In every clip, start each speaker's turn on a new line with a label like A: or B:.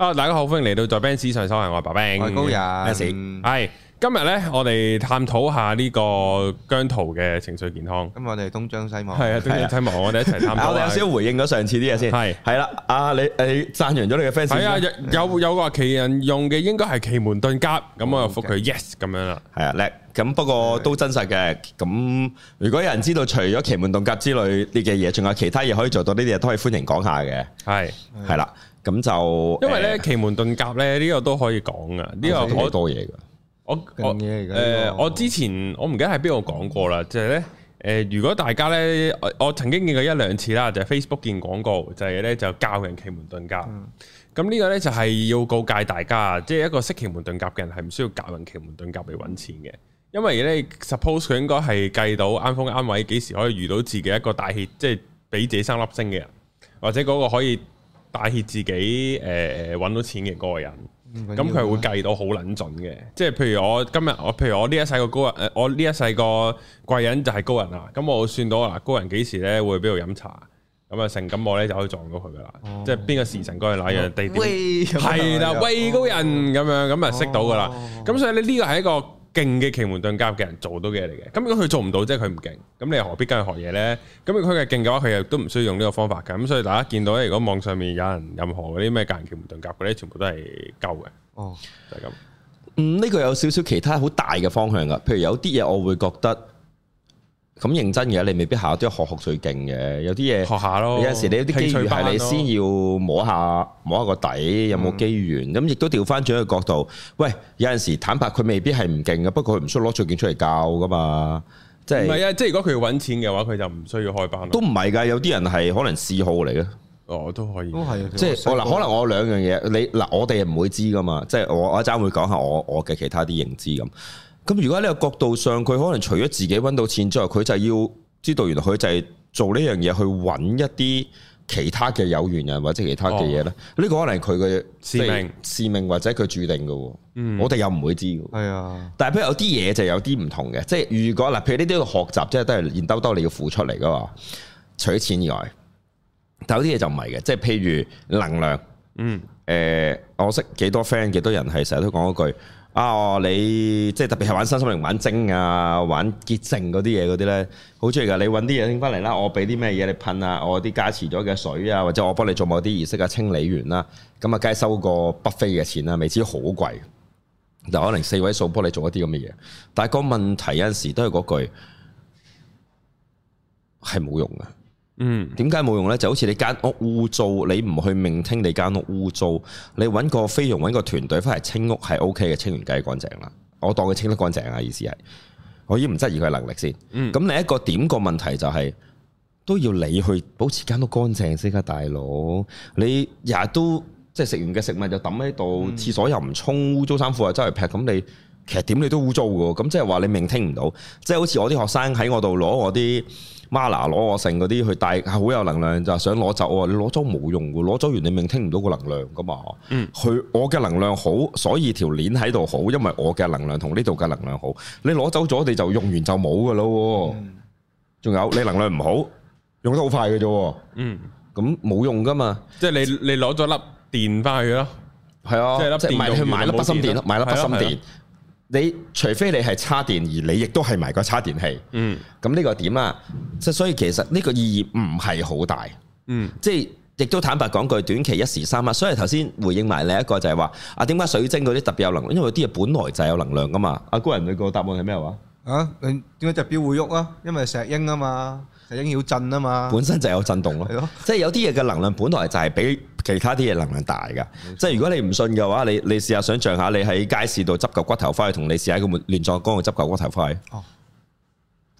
A: 啊！大家好，歡迎嚟到在 Benz 上修行，我係 Benz，海高人，咩事？係今日咧，我哋探討下呢個姜濤嘅情緒健康。咁我哋東張西望，係啊，東張西望，我哋一齊探討。我哋阿蕭回應咗上次啲嘢先，係係啦。阿你你讚揚咗你嘅 fans，係啊，有有個客人用嘅應該係奇門遁甲，咁我就覆佢 yes 咁樣啦。係啊，叻。咁不過都真實嘅。咁如果有人知道除咗奇門遁
B: 甲之類呢嘅嘢，仲有其他嘢可以做到呢啲嘢，都可以歡迎講下嘅。係係啦。咁
A: 就因為咧奇門遁甲咧呢個都可以講噶，呢、啊、個好多嘢噶，我講嘢，我誒我之前、嗯、我唔記得喺邊度講過啦，即係咧誒如果大家咧我曾經見過一兩次啦，就係、是、Facebook 見廣告，就係、是、咧就教人奇門遁甲。咁、嗯、呢個咧就係、是、要告誡大家即係、就是、一個識奇門遁甲嘅人係唔需要教人奇門遁甲嚟搵錢嘅，因為咧 suppose 佢應該係計到啱風啱位，幾時可以遇到自己一個大氣即係俾自己生粒星嘅人，或者嗰個可以。帶挈自己誒揾、呃、到錢嘅嗰個人，咁佢係會計到好撚準嘅，即係譬如我今日我，譬如我呢一世個高人，我呢一世個貴人就係高人啦，咁我算到啊高人幾時咧會喺邊度飲茶，咁啊成咁我咧就可以撞到佢噶啦，哦、即係邊個時辰高人喺邊個地點，
C: 係啦喂，的喂高
A: 人咁、哦、樣咁啊識到噶啦，咁、哦、所以你呢個係一個勁嘅奇門遁甲嘅人做到嘅嘢嚟嘅，咁如果佢做唔到，即係佢唔勁，咁你又何必跟佢學嘢呢？咁如佢係勁嘅話，佢又都唔需要用呢個方法嘅，咁所以大家見到咧，如果網上面有人任何嗰啲咩隔人奇門遁甲嗰啲，全部都係鳩嘅。哦就，就
B: 係咁。嗯，呢、呢個有少少其他好大嘅方向噶，譬如有啲嘢，我會覺得。咁認真嘅，你未必下都要學學最勁嘅，有啲嘢學下咯。有時你有啲機緣係你先要摸下摸下個底有有，有冇機緣。咁亦都調翻轉一個角度，喂，有陣時坦白佢未必係唔勁嘅，不過佢唔需要攞最勁出嚟教㗎嘛。即係唔係啊？即
A: 係如果佢要揾錢嘅話，佢就唔需要開班。都
B: 唔係㗎，有啲人係可能嗜好嚟
A: 嘅。我、哦、都可以都係，哦、即係是嗱，可能我
B: 兩樣嘢。你嗱，我哋唔會知㗎嘛。即、就、係、是、我一陣會講下我我嘅其他啲認知咁。咁如果呢個角度上，佢可能除咗自己揾到錢之外，佢就要知道，原來佢就係做呢樣嘢去揾一啲其他嘅有緣人或者其他嘅嘢咧。呢、哦、個可能係佢嘅使命、使命或者佢注定嘅。嗯，我哋又唔會知。係啊，但係譬如有啲嘢就有啲唔同嘅。即係如果嗱，譬如呢啲學習，即係都係現兜兜你要付出嚟噶嘛，除咗錢以外，但有啲嘢就唔係嘅。即係譬如能量，嗯，誒、呃，我識幾多 friend，幾多人係成日都講一句。啊！你即係特別係玩身心靈、玩精啊、玩潔淨嗰啲嘢嗰啲咧，好中意噶！你揾啲嘢拎翻嚟啦，我俾啲咩嘢你噴啊？我啲加持咗嘅水啊，或者我幫你做某啲儀式啊，清理完啦，咁啊梗係收個不菲嘅錢啦，未知好貴。就可能四位數幫你做一啲咁嘅嘢，但係個問題有陣時都係嗰句，係冇用嘅。嗯，點解冇用呢？就是、好似你間屋污糟，你唔去命聽你間屋污糟，你揾個菲傭揾個團隊翻嚟清屋係 O K 嘅，清完梗係乾淨啦。我當佢清得乾淨啊，意思係，我已經唔質疑佢嘅能力先。嗯，咁另一個點個問題就係、是，都要你去保持間屋乾淨先噶，大佬。你日日都即係食完嘅食物就抌喺度，嗯、廁所又唔沖，污糟衫褲又周圍劈。咁你其實點你都污糟噶。咁即係話你命聽唔到，即、就、係、是、好似我啲學生喺我度攞我啲。Mana 攞我剩嗰啲去，帶好有能量就想攞走喎。我話你攞咗冇用嘅，攞咗完你明聽唔到個能量噶嘛。嗯，佢我嘅能量好，所以條鏈喺度好，因為我嘅能量同呢度嘅能量好。你攞走咗，你就用完就冇嘅咯。嗯，仲有你能量唔好，用得好快嘅啫。
A: 嗯，
B: 咁冇用噶嘛。
A: 即係你你攞咗粒電翻去咯，係啊，即係粒電用冇粒，啊啊、粒筆芯電，買粒筆芯電。
B: 你除非你係叉電，而你亦都係埋個叉電器，嗯，咁呢個點啦、啊？即所以其實呢個意義唔係好大，嗯，即係亦都坦白講句，短期一時三刻。所以頭先回應埋另一個就係話，啊點解水晶嗰啲特別有能量，因為啲嘢本來就係有能量噶嘛。阿高人你個答案係咩話？
C: 啊，點解隻錶會喐啊？因為石英啊嘛，石英要震啊嘛，本身
B: 就有震動咯。即係的有啲嘢嘅能量本來就係俾。其他啲嘢能量大㗎，即係如果你唔信嘅話，你你試下想象下，你喺街市度執嚿骨頭翻去，同你試下喺個亂葬崗度執嚿骨頭翻去。哦，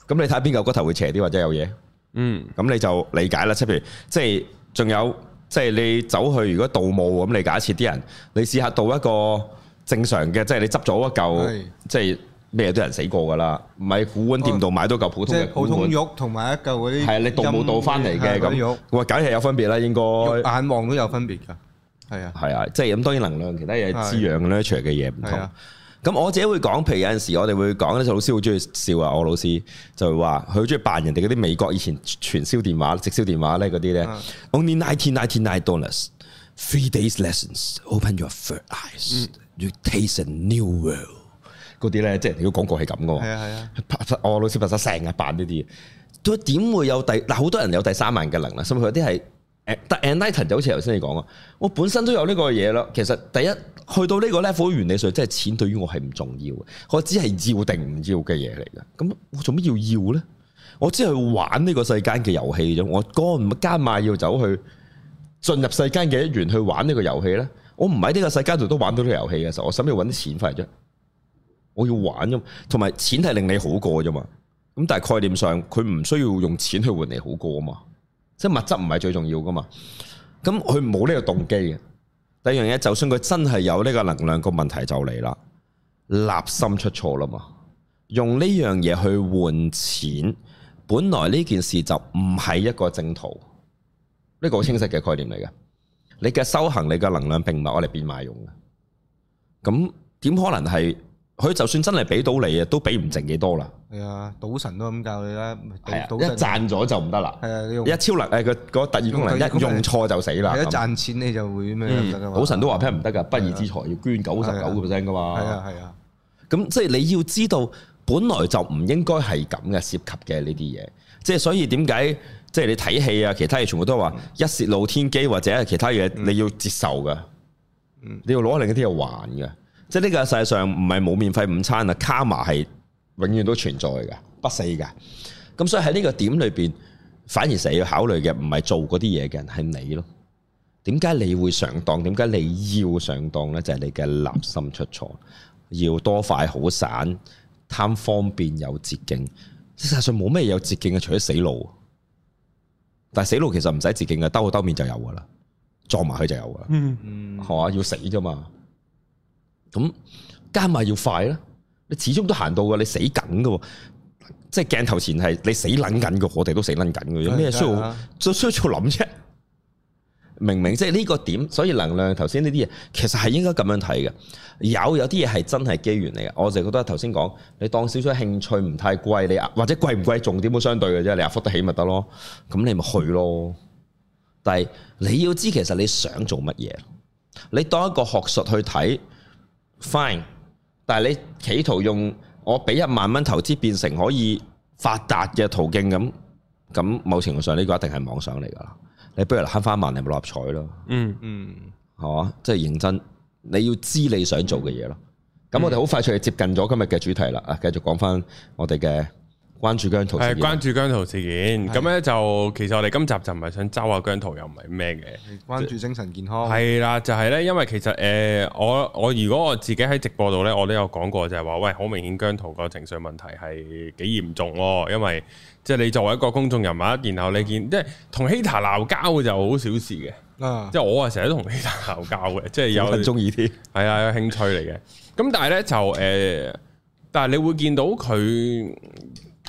B: 咁你睇下邊嚿骨頭會斜啲或者有嘢？嗯，咁你就理解啦。即係譬如，即係仲有，即係你走去如果盜墓咁，你假設啲人，你試下盜一個正常嘅，即係你執咗一嚿，即係。咩都有人死過噶啦，唔係古玩店度買到嚿普通嘅，哦就是，普通
C: 肉同埋一嚿嗰啲係啊，你盜冇盜翻嚟嘅咁，哇，梗係有分別啦，應該眼
B: 望都有分別噶，係啊，係啊，即係咁，當然能量其他嘢滋養 nature 嘅嘢唔同。咁我自己會講，譬如有陣時我哋會講咧，老師好中意笑啊，我老師就會話佢好中意扮人哋嗰啲美國以前傳銷電話，直銷電話咧嗰啲咧，only nineteen ninety nine dollars, three days lessons, open your third eyes, you taste a new world。嗰啲咧，即係如果廣告係咁啊，喎，啊，我老師拍曬成日扮呢啲，佢點會有第嗱？好多人有第三眼嘅能啦，所以佢有啲係誒，但係 Newton 就好似頭先你講啊，我本身都有呢個嘢咯。其實第一去到呢個 level 原理上，即係錢對於我係唔重要嘅，我只係要定唔要嘅嘢嚟嘅。咁我做乜要要咧？我只係玩呢個世間嘅遊戲啫。我幹乜加埋要走去進入世間嘅一員去玩呢個遊戲咧？我唔喺呢個世界度都玩到呢個遊戲嘅時候，我使要揾啲錢翻嚟啫？我要玩啫嘛，同埋錢係令你好過啫嘛。咁但係概念上，佢唔需要用錢去換你好過啊嘛。即係物質唔係最重要噶嘛。咁佢冇呢個動機嘅。第二樣嘢，就算佢真係有呢個能量，個問題就嚟啦，立心出錯啦嘛。用呢樣嘢去換錢，本來呢件事就唔係一個正途。呢、呢個好清晰嘅概念嚟嘅。你嘅修行，你嘅能量並，並唔係我哋變賣用嘅。咁點可能係？佢就算真係俾到你啊，都俾唔剩幾多啦。係
C: 啊，賭神都咁教你啦。係一賺
B: 咗就唔得啦。係啊的，一超能誒，佢嗰特異功能一用錯就死啦。一賺
C: 錢你就會咩？麼的賭神都話
B: plan 唔得噶，的不義之財要捐九十九個 percent 噶嘛。係啊係啊，咁即係你要知道，本來就唔應該係咁嘅涉及嘅呢啲嘢。即係所以點解即係你睇戲啊，其他嘢全部都話一泄露天機或者係其他嘢，你要接受噶。嗯，你要攞另一啲要還嘅。即係呢個世界上唔係冇免費午餐啊，卡嘛係永遠都存在嘅，不死嘅。咁所以喺呢個點裏邊，反而成日要考慮嘅唔係做嗰啲嘢嘅人，係你咯。點解你會上當？點解你要上當咧？就係、是、你嘅立心出錯，要多快好省，貪方便有捷徑。事實上冇咩嘢有捷徑嘅，除咗死路。但係死路其實唔使捷徑嘅，兜口兜面就有噶啦，撞埋佢就有噶
C: 啦。
B: 係嘛、嗯啊？要死啫嘛。咁加埋要快啦！你始終都行到噶，你死梗噶，即係鏡頭前係你死撚緊噶，我哋都死撚緊噶，有咩需要？再需要諗啫。明明即係呢個點，所以能量頭先呢啲嘢，其實係應該咁樣睇嘅。有有啲嘢係真係機緣嚟嘅。我就覺得頭先講，你當少少興趣唔太貴，你或者貴唔貴，重點都相對嘅啫。你啊付得起咪得咯，咁你咪去咯。但係你要知，其實你想做乜嘢？你當一個學術去睇。fine，但係你企圖用我俾一萬蚊投資變成可以發達嘅途徑咁，咁某程度上呢個一定係妄想嚟噶啦。你不如慳翻一萬嚟冇六合彩咯。嗯
C: 嗯，
B: 係嘛？即係認真，你要知你想做嘅嘢咯。咁我哋好快脆去接近咗今日嘅主題啦。啊，繼續講翻我哋嘅。關注姜濤、啊、關
A: 注姜濤事件，咁咧的就其實我哋今集就唔係想嘲啊姜濤，又唔係咩嘅。關注精神健康係啦，就係咧，因為其實誒、呃，我我如果我自己喺直播度咧，我都有講過就，就係話喂，好明顯姜濤個情緒問題係幾嚴重，因為即係、就是、你作為一個公眾人物，然後你見、嗯、即係同希 e a 鬧交就好小事嘅，即係我啊成日都同希 e a 鬧交嘅，即係有分中意啲，係啊，興趣嚟嘅。咁但係咧就誒，但係、呃、你會見到佢。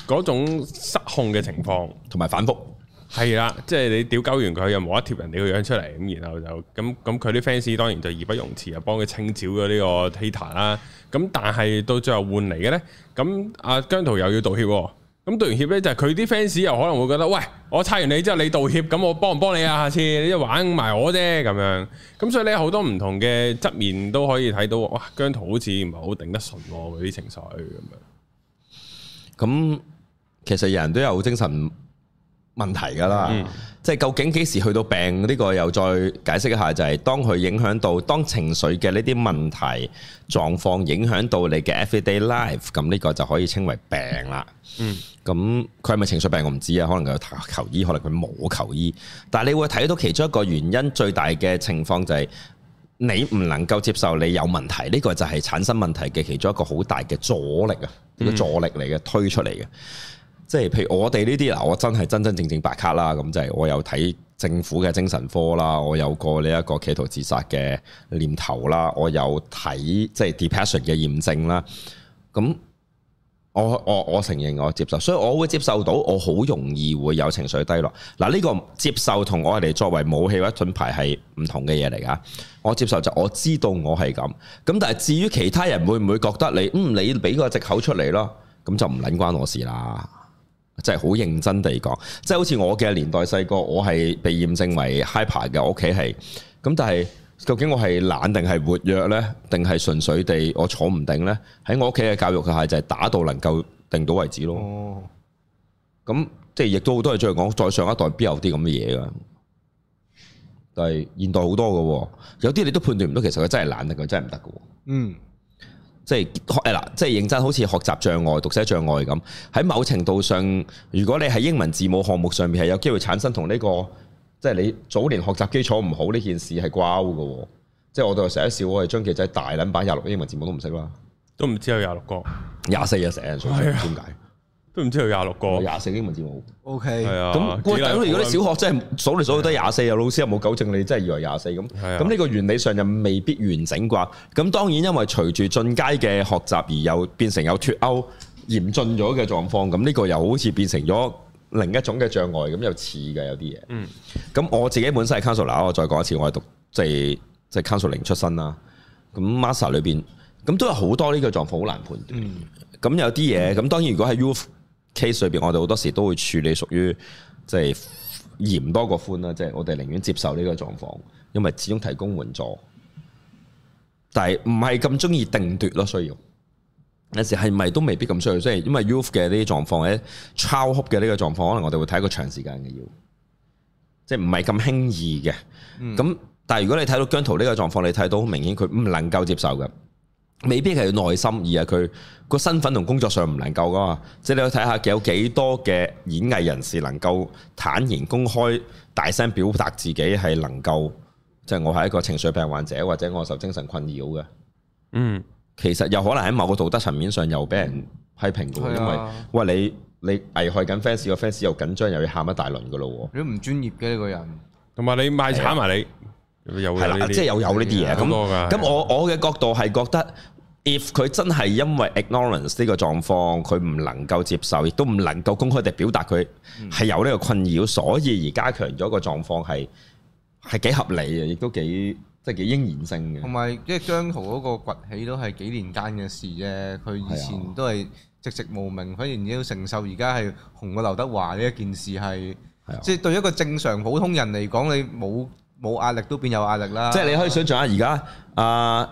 A: 嗰種失控嘅情況，同埋反覆係啦，即係、就是、你屌鳩完佢又冇一貼人哋個樣出嚟，咁然後就咁咁，佢啲 fans 當然就義不容辭啊，幫佢清剿咗呢個 hater 啦。咁但係到最後換嚟嘅呢，咁阿姜濤又要道歉。咁道完歉呢，就佢啲 fans 又可能會覺得，喂，我拆完你之後你道歉，咁我幫唔幫你啊？下次你一玩埋我啫，咁樣。咁所以呢，好多唔同嘅側面都可以睇到，哇，姜濤好似唔係好頂得順嗰啲情緒咁樣。咁其實人都有精神問
B: 題噶啦，嗯、即係究竟幾時去到病，呢個又再解釋一下，就係當佢影響到，當情緒嘅呢啲問題狀況影響到你嘅 everyday life，咁呢個就可以稱為病啦。咁佢係咪情緒病我唔知啊，可能佢有求醫，可能佢冇求醫，但係你會睇到其中一個原因最大嘅情況就係。你唔能夠接受你有問題，呢、呢個就係產生問題嘅其中一個好大嘅助力啊！呢個助力嚟嘅，推出嚟嘅，嗯、即係譬如我哋呢啲嗱，我真係真真正正白卡啦，咁就係我有睇政府嘅精神科啦，我有過呢一個企圖自殺嘅念頭啦，我有睇即係、即係、depression 嘅驗證啦，咁。我我我承認我接受，所以我會接受到我好容易會有情緒低落。嗱，呢個接受同我哋作為武器或者盾牌係唔同嘅嘢嚟噶。我接受就我知道我係咁，咁但係至於其他人會唔會覺得你嗯，你俾個藉口出嚟咯，咁就唔撚關我事啦。即係好認真地講，即係好似我嘅年代細個，我係被驗證為 hyper 嘅，我屋企係咁，但係。究竟我係懶定係活躍呢？定係純粹地我坐唔定呢？喺我屋企嘅教育下就係打到能夠定到為止咯。咁即係亦都好多嘢再講，再上一代必有啲咁嘅嘢噶？但係現代好多嘅喎，有啲你都判斷唔到，其實佢真係懶定，佢真係唔得嘅。嗯，即係誒認真，好似學習障礙、讀寫障礙咁。喺某程度上，如果你喺英文字母項目上面係有機會產生同呢個。即係你早年學習基礎唔好呢件事係掛鈎嘅，即係我哋成日笑我係張杰仔大捻版廿六英文字母都唔識啦，
A: 都唔知有廿六個，
B: 廿四又成，所以點解都唔知有廿六個，廿四英文字母
C: ，OK，咁我哋如果你小
B: 學真係數嚟數去都廿四，老師又冇糾正你，真係以為廿四咁，咁呢個原理上就未必完整啩？咁當然因為隨住進階嘅學習而又變成有脫鈎嚴峻咗嘅狀況，咁呢個又好似變成咗。另一種嘅障礙，咁又似嘅有啲嘢。嗯，咁我自己本身係 counselor，我再講一次，我係讀即係、就、即、是、係 counseling 出身啦。咁 massa 裏邊，咁都有好多呢個狀況好難判斷。咁、嗯、有啲嘢，咁當然如果喺 U case 裏邊，我哋好多時都會處理屬於即係、就是、嚴多過寬啦。即、就、係、是、我哋寧願接受呢個狀況，因為始終提供援助，但係唔係咁中意定奪咯，所以要。有時係咪都未必咁需要？即係因為 youth 嘅呢啲狀況咧 c h h o o 嘅呢個狀況，可能我哋會睇一個長時間嘅要，即係唔係咁輕易嘅。咁、嗯、但係如果你睇到姜 e 呢個狀況，你睇到明顯，佢唔能夠接受嘅，未必係耐心，而係佢個身份同工作上唔能夠噶嘛。即係你睇下有幾多嘅演藝人士能夠坦然公開、大聲表達自己係能夠，即、就、係、是、我係一個情緒病患者，或者我受精神困擾嘅。
A: 嗯。
B: 其實又可能喺某個道德層面上又俾人批評過，因為喂，你你危害緊 fans，個 fans 又緊張又要喊一大輪㗎喇喎。
C: 你唔專業嘅呢個人，
B: 同埋你賣慘埋你，係啦，即係又有呢啲嘢咁。咁我我嘅角度係覺得，if 佢真係因為 ignorance 呢個狀況，佢唔能夠接受，亦都唔能夠公開地表達佢係有呢個困擾，所以而加強咗個狀況係係幾合理嘅，亦都幾。即係幾英然性嘅，同
C: 埋即係姜濤嗰個崛起都係幾年間嘅事啫。佢以前都係寂寂無名，反而要承受而家係紅過劉德華呢一件事係，的即係對一個正常普通人嚟講，你冇冇壓力都變有壓力啦。即係你可以
B: 想象下而家啊。呃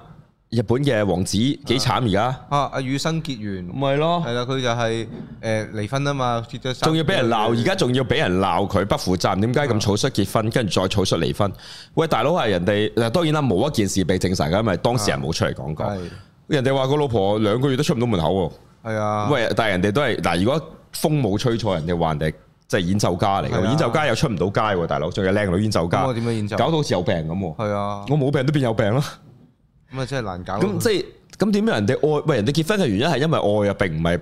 B: 日本嘅王子幾慘而家啊！
C: 阿雨生結完唔係咯，係啦，佢就係誒離婚啊嘛，結咗仲要俾人鬧，而家
B: 仲要俾人鬧佢不負責，點解咁草率結婚，跟住再草率離婚？喂，大佬係人哋，嗱當然啦，冇一件事被證實噶，因為當事人冇出嚟講過。人哋話個老婆兩個月都出唔到門口，係啊。喂，但係人哋都係嗱，如果風冇吹錯，人哋話人哋即係演奏家嚟嘅，演奏家又出唔到街喎，大佬仲有靚女演奏家，點樣演奏？搞到好似有病咁。係啊，
C: 我冇病都變有病囉。咁啊，真係難搞。咁
B: 即係，咁點解人哋愛？喂，人哋結婚嘅原因係因為愛啊，並唔係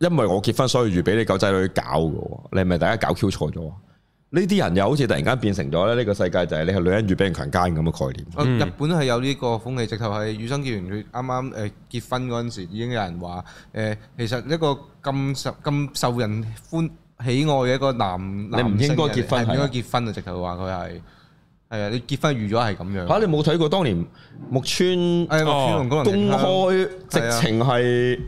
B: 因為我結婚所以預俾你狗仔女搞㗎。你係咪大家搞 Q 錯咗？呢啲人又好似突然間變成咗咧，呢個世界就係你係女人預俾人強姦咁嘅概念。
C: 嗯、日本係有呢個風氣，直頭係雨生健元佢啱啱誒結婚嗰陣時，已經有人話誒，其實一個咁受咁受人歡喜愛嘅一個男，你唔應該結婚，唔應該結婚啊！直頭話佢係。係啊，你結婚預咗係咁樣吓？
B: 你冇睇過當年木村，哎呀，
A: 木村龍剛公開直情係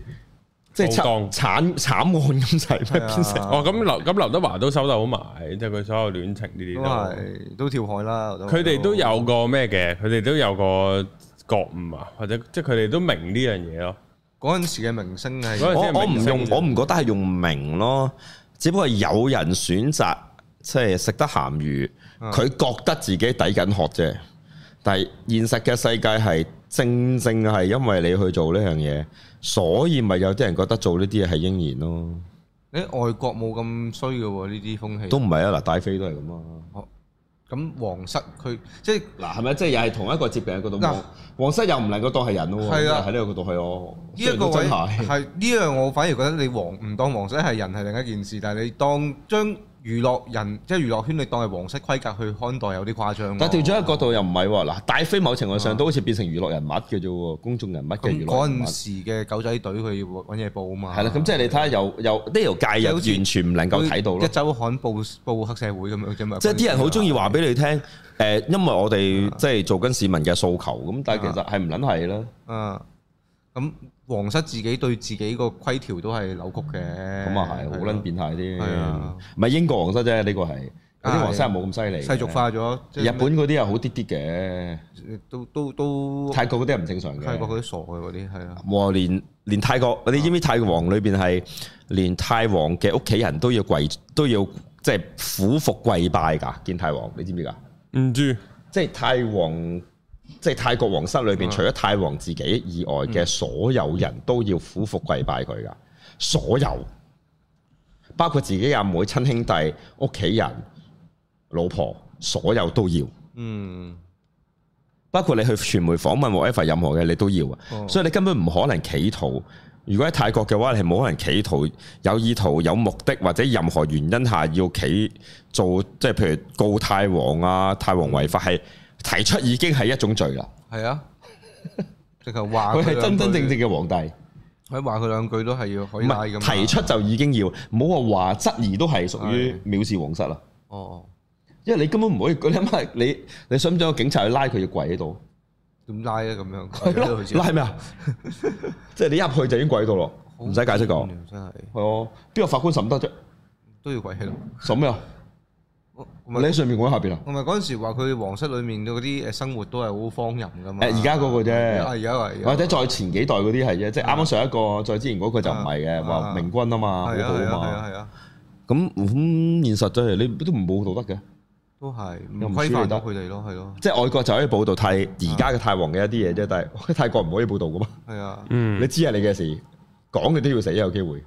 A: 即係慘慘慘案咁滯咩？哦，咁劉咁劉德華都收得好埋，即係佢所有戀情呢啲都係都跳海啦。佢哋都有個咩嘅？佢哋都有個覺悟啊，或者即係佢哋都明呢樣嘢咯。嗰陣時嘅明星係我唔用，我
B: 唔覺得係用名咯，只不過係有人選擇。即係食得鹹魚，佢覺得自己抵緊渴啫。但係現實嘅世界係正正係因為你去做呢樣嘢，所以咪有啲人覺得做呢啲嘢係應然咯。
C: 誒、欸，外國冇咁衰嘅喎，呢啲風氣都唔係啊！
B: 嗱，戴妃都係咁啊。咁、哦、皇室佢即係嗱，係咪即係又係同一個接病喺嗰度？呃、皇室又唔能夠當係人咯。係啊的，喺呢個度係我呢一個位係呢樣，這
C: 個、我反而覺得你皇唔當皇室係人係另一件事，但係你當將。娛樂人即係娛樂圈，你當係黃色規格去看待有啲誇張、啊。但係調咗
B: 一個角度又唔係喎，嗱，大非某程度上都好似變成娛樂人物嘅啫喎，公眾人物嘅娛樂人物。嗰、嗯、陣時嘅狗仔隊佢要揾嘢報啊嘛。係啦，咁即係你睇下，又又啲又介入，完全唔能夠睇到咯。壹週刊報報黑社
C: 會咁樣啫嘛。即係啲人好中
B: 意話俾你聽，誒的，呃、因為我哋即係做緊市民嘅訴求咁，的但係其實係唔撚係啦。嗯。
C: 咁、嗯。皇室自己對自己個規
B: 條都係扭曲嘅，咁啊係好撚變態啲，唔係、啊、英國皇室啫，呢個係嗰啲皇室係冇咁犀利，啊、世俗化咗。即係、日本嗰啲又好啲啲嘅，都都
C: 都。泰國嗰啲係唔正常嘅，泰國嗰啲傻嘅嗰啲
B: 係啊。哦、連連泰國，你知唔知泰國王裏邊係連泰王嘅屋企人都要跪都要即係俯伏跪拜㗎，見泰王你知唔知㗎？唔知，即係泰王。即係泰國王室裏邊，除咗泰王自己以外嘅、嗯、所有人，都要俯伏跪拜佢噶，所有包括自己阿妹、妹、親兄弟、屋企人、老婆，所有都要。嗯，包括你去傳媒訪問或 whatever 任何嘅，你都要啊。哦、所以你根本唔可能企圖，如果喺泰國嘅話，你係冇可能企圖有意圖、有目的或者任何原因下要企做，即係譬如告泰王啊，泰王違法係。提出已經係一種罪啦，
C: 係啊， 直頭話佢係真真正正嘅皇帝，可以話佢兩句都係要，
B: 唔係提出就已經要，唔好話話質疑都係屬於藐視皇室啦。哦，因為你根本唔可以，你諗下你你想唔想個警察去拉佢要跪喺度？點拉啊？咁樣拉咩啊？即係 你一入去就已經跪喺度咯，唔使解釋講、這個啊。真係，係哦，邊個法官審得啫？ 都要跪喺度，審咩啊？
C: 我你上面講下邊啊！我咪嗰陣時話佢皇室裏面嘅嗰啲誒生活都係好荒淫噶嘛。誒而家嗰
B: 個啫，係而家或者再前幾代嗰啲係啫，即係啱啱上一個，再之前嗰個就唔係嘅，話明君啊嘛，好好啊嘛。係啊係啊，咁咁現實真係你都唔報道得嘅，
C: 都係又規範到佢哋咯，係咯。
B: 即係外國就可以報道泰而家嘅泰王嘅一啲嘢啫，但係泰國唔可以報道噶嘛。係啊，嗯，你知係你嘅事，講嘅都要死有機會。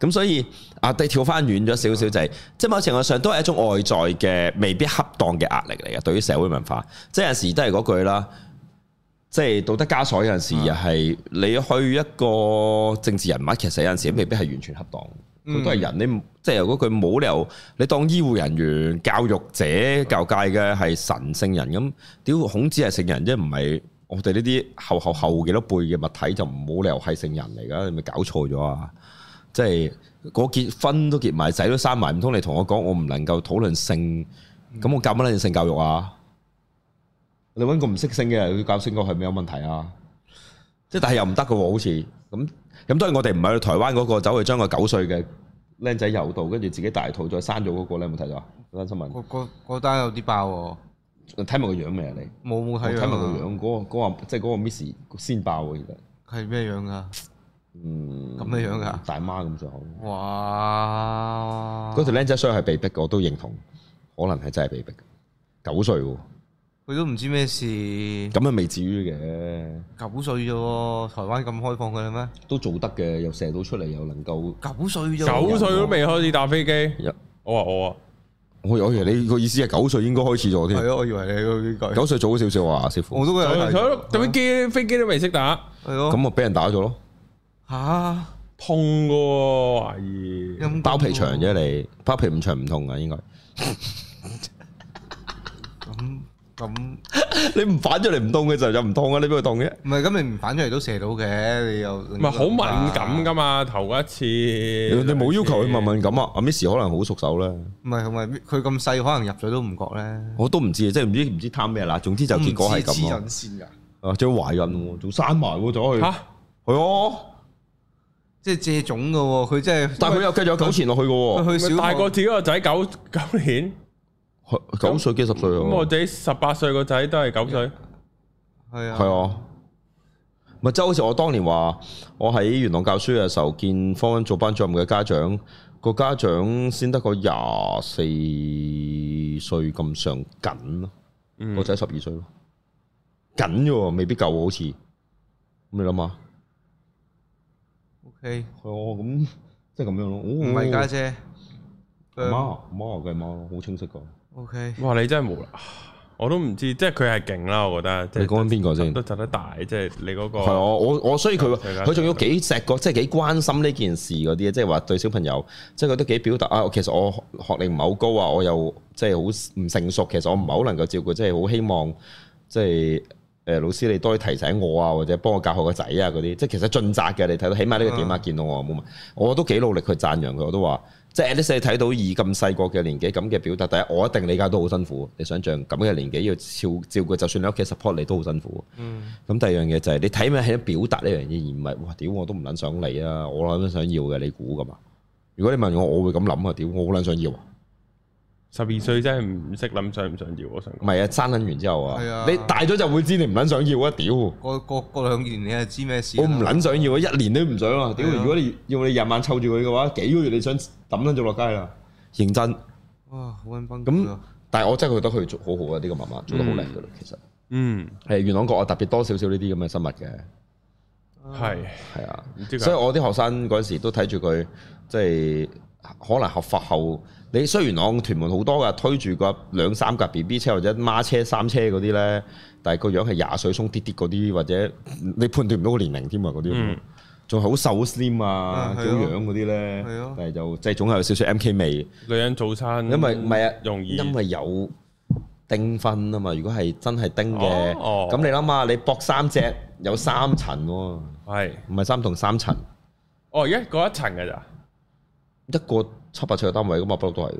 B: 咁所以啊，你跳翻遠咗少少，就係即係某程度上都係一種外在嘅未必恰當嘅壓力嚟嘅。對於社會文化，即係有時都係嗰句啦，即係道德枷鎖。有陣時又係你去一個政治人物，其實有陣時未必係完全恰當。
A: 佢都係人，
B: 嗯、你即係如果佢冇理由你當醫護人員、教育者、教界嘅係神聖人咁屌，孔子係聖人啫，唔係我哋呢啲後後後幾多輩嘅物體就冇理由係聖人嚟㗎，你咪搞錯咗啊！即係個結婚都結埋，仔都生埋，唔通你同我講我唔能夠討論性？咁、嗯、我教乜啦性教育啊？你搵個唔識性嘅去教性教育，係咪有問題啊？即係但係又唔得嘅，好似咁咁。當然我哋唔係去台灣嗰、嗰個走去將個九歲嘅僆仔誘到，跟住自己大肚再生咗嗰、嗰個你有冇睇到啊？嗰單新聞？嗰嗰單有啲爆喎！睇埋個樣未啊？你冇冇睇？睇埋個樣嗰個即係嗰個 Miss 先爆喎！其實係咩樣噶？嗯，咁嘅樣噶，大媽咁就，哇！嗰條僆仔雖然係被迫，我都認同，可能係真係被迫。九歲，
C: 佢都唔知咩事。
A: 咁啊，未至於嘅。
C: 九歲啫，台灣咁開放嘅咩？都做得嘅，又射到出嚟，又能夠。九歲啫，九歲都未
B: 開
A: 始打飛機。我
B: 話我啊，我以為你個意思係九歲應該開始咗添。係啊，
C: 我以為你九歲
B: 早咗少少啊，師傅。我都係。坐
A: 飛機飛機都未識打，係咯，
B: 咁啊俾人打咗咯。
A: 啊痛嘅，懷疑？包皮長啫，
B: 你包皮唔長唔痛啊，應該。
A: 咁咁，
B: 你唔反出嚟唔
C: 痛嘅時候就唔痛啊？你邊度痛嘅？唔係，咁你唔反出嚟都射到嘅，你又唔係好敏感噶
B: 嘛？頭一次，你冇要求佢敏感啊？阿 Miss 可能好熟手啦。
C: 唔係唔係，佢咁細可能入咗都唔覺咧。
B: 我都唔知啊，即係唔知唔知探咩啦。總之就結果係咁咯。啊，仲要懷孕，仲刪埋咗佢。吓，係哦。
A: 即係借種噶，佢真係，但係佢又繼續有錢落去噶。佢大過自己個仔，九九
B: 年，九歲幾十歲啊？咁我
A: 仔十八歲個仔都係九歲，係啊，
B: 係啊。咪即係好似我當年話，我喺元朗教書嘅時候，見方恩做班主任嘅家長，個家長先得個廿四歲咁上緊咯。個仔十二歲咯，緊嘅，未必夠，好似你諗下。想想想想 O K，係我咁，即係咁樣咯。唔係家姐，嗯、
A: 媽，媽嘅媽咯，好清晰噶。O K，我話你真係冇啦，我都唔知，即係佢係勁啦，我覺得。即係你講緊邊個先？都走、就是、得，得大，即、就、係、是、你嗰、那個。係、啊、我我我，所以佢佢仲有幾錫個，即、就、係、是、幾關
B: 心呢件事嗰啲，即係話對小朋友，即係佢都幾表達啊。其實我學歷唔係好高啊，我又即係好唔成熟。其實我唔係好能夠照顧，即係好希望即係。就是誒老師，你多啲提醒我啊，或者幫我教學個仔啊嗰啲，即係其實盡責嘅。你睇到起碼呢個點啊，嗯、見到我冇問，我都幾努力去讚揚佢，我都話，即係至少你睇到以咁細個嘅年紀咁嘅表達，第一我一定理解都好辛苦。你想象咁嘅年紀要照照顧，就算你屋企 support 你都好辛苦。嗯。咁第二樣嘢就係你睇咩喺表達呢樣嘢，而唔係哇屌我都唔撚想你啊，我都想，我想要嘅。你估噶嘛？如果你問我，我會咁諗啊。屌，我好撚想要啊！
A: 十二歲真係唔唔識諗想唔想要，我想。唔係啊，生撚完之後啊，你大咗就會知你唔撚想要啊！屌，
C: 個兩年你係知咩
A: 事？我唔撚想要啊！一年都唔想啊！屌，如果
C: 你
B: 要你日晚湊住佢嘅話，幾個月你想抌撚咗落街啦！認真。啊，
C: 好緊崩
B: 咁，但係我真係覺得佢做好好啊！呢個媽媽做得好靚㗎啦，其實。嗯。係元朗國啊，特別多少少呢啲咁嘅生物嘅。
A: 係。
B: 係啊。所以我啲學生嗰陣時都睇住佢，即係可能合法後。你雖然我屯門好多噶，推住個兩三架 B B 車或者孖車三車嗰啲咧，但係個樣係廿歲鬆啲啲嗰啲，或者你判斷唔到個年齡添啊嗰啲，仲好瘦好 slim 啊，好樣嗰
A: 啲咧，
B: 但係就即係總係有少少 M K 味。
A: 女人早餐。因為
B: 唔係啊，因為有丁分啊嘛。如果係真係丁嘅，咁你諗下，你博三隻有三層喎，係唔係三同三層？
A: 哦，一個一層嘅咋？
B: 一個七百尺嘅單位，咁我不嬲都係。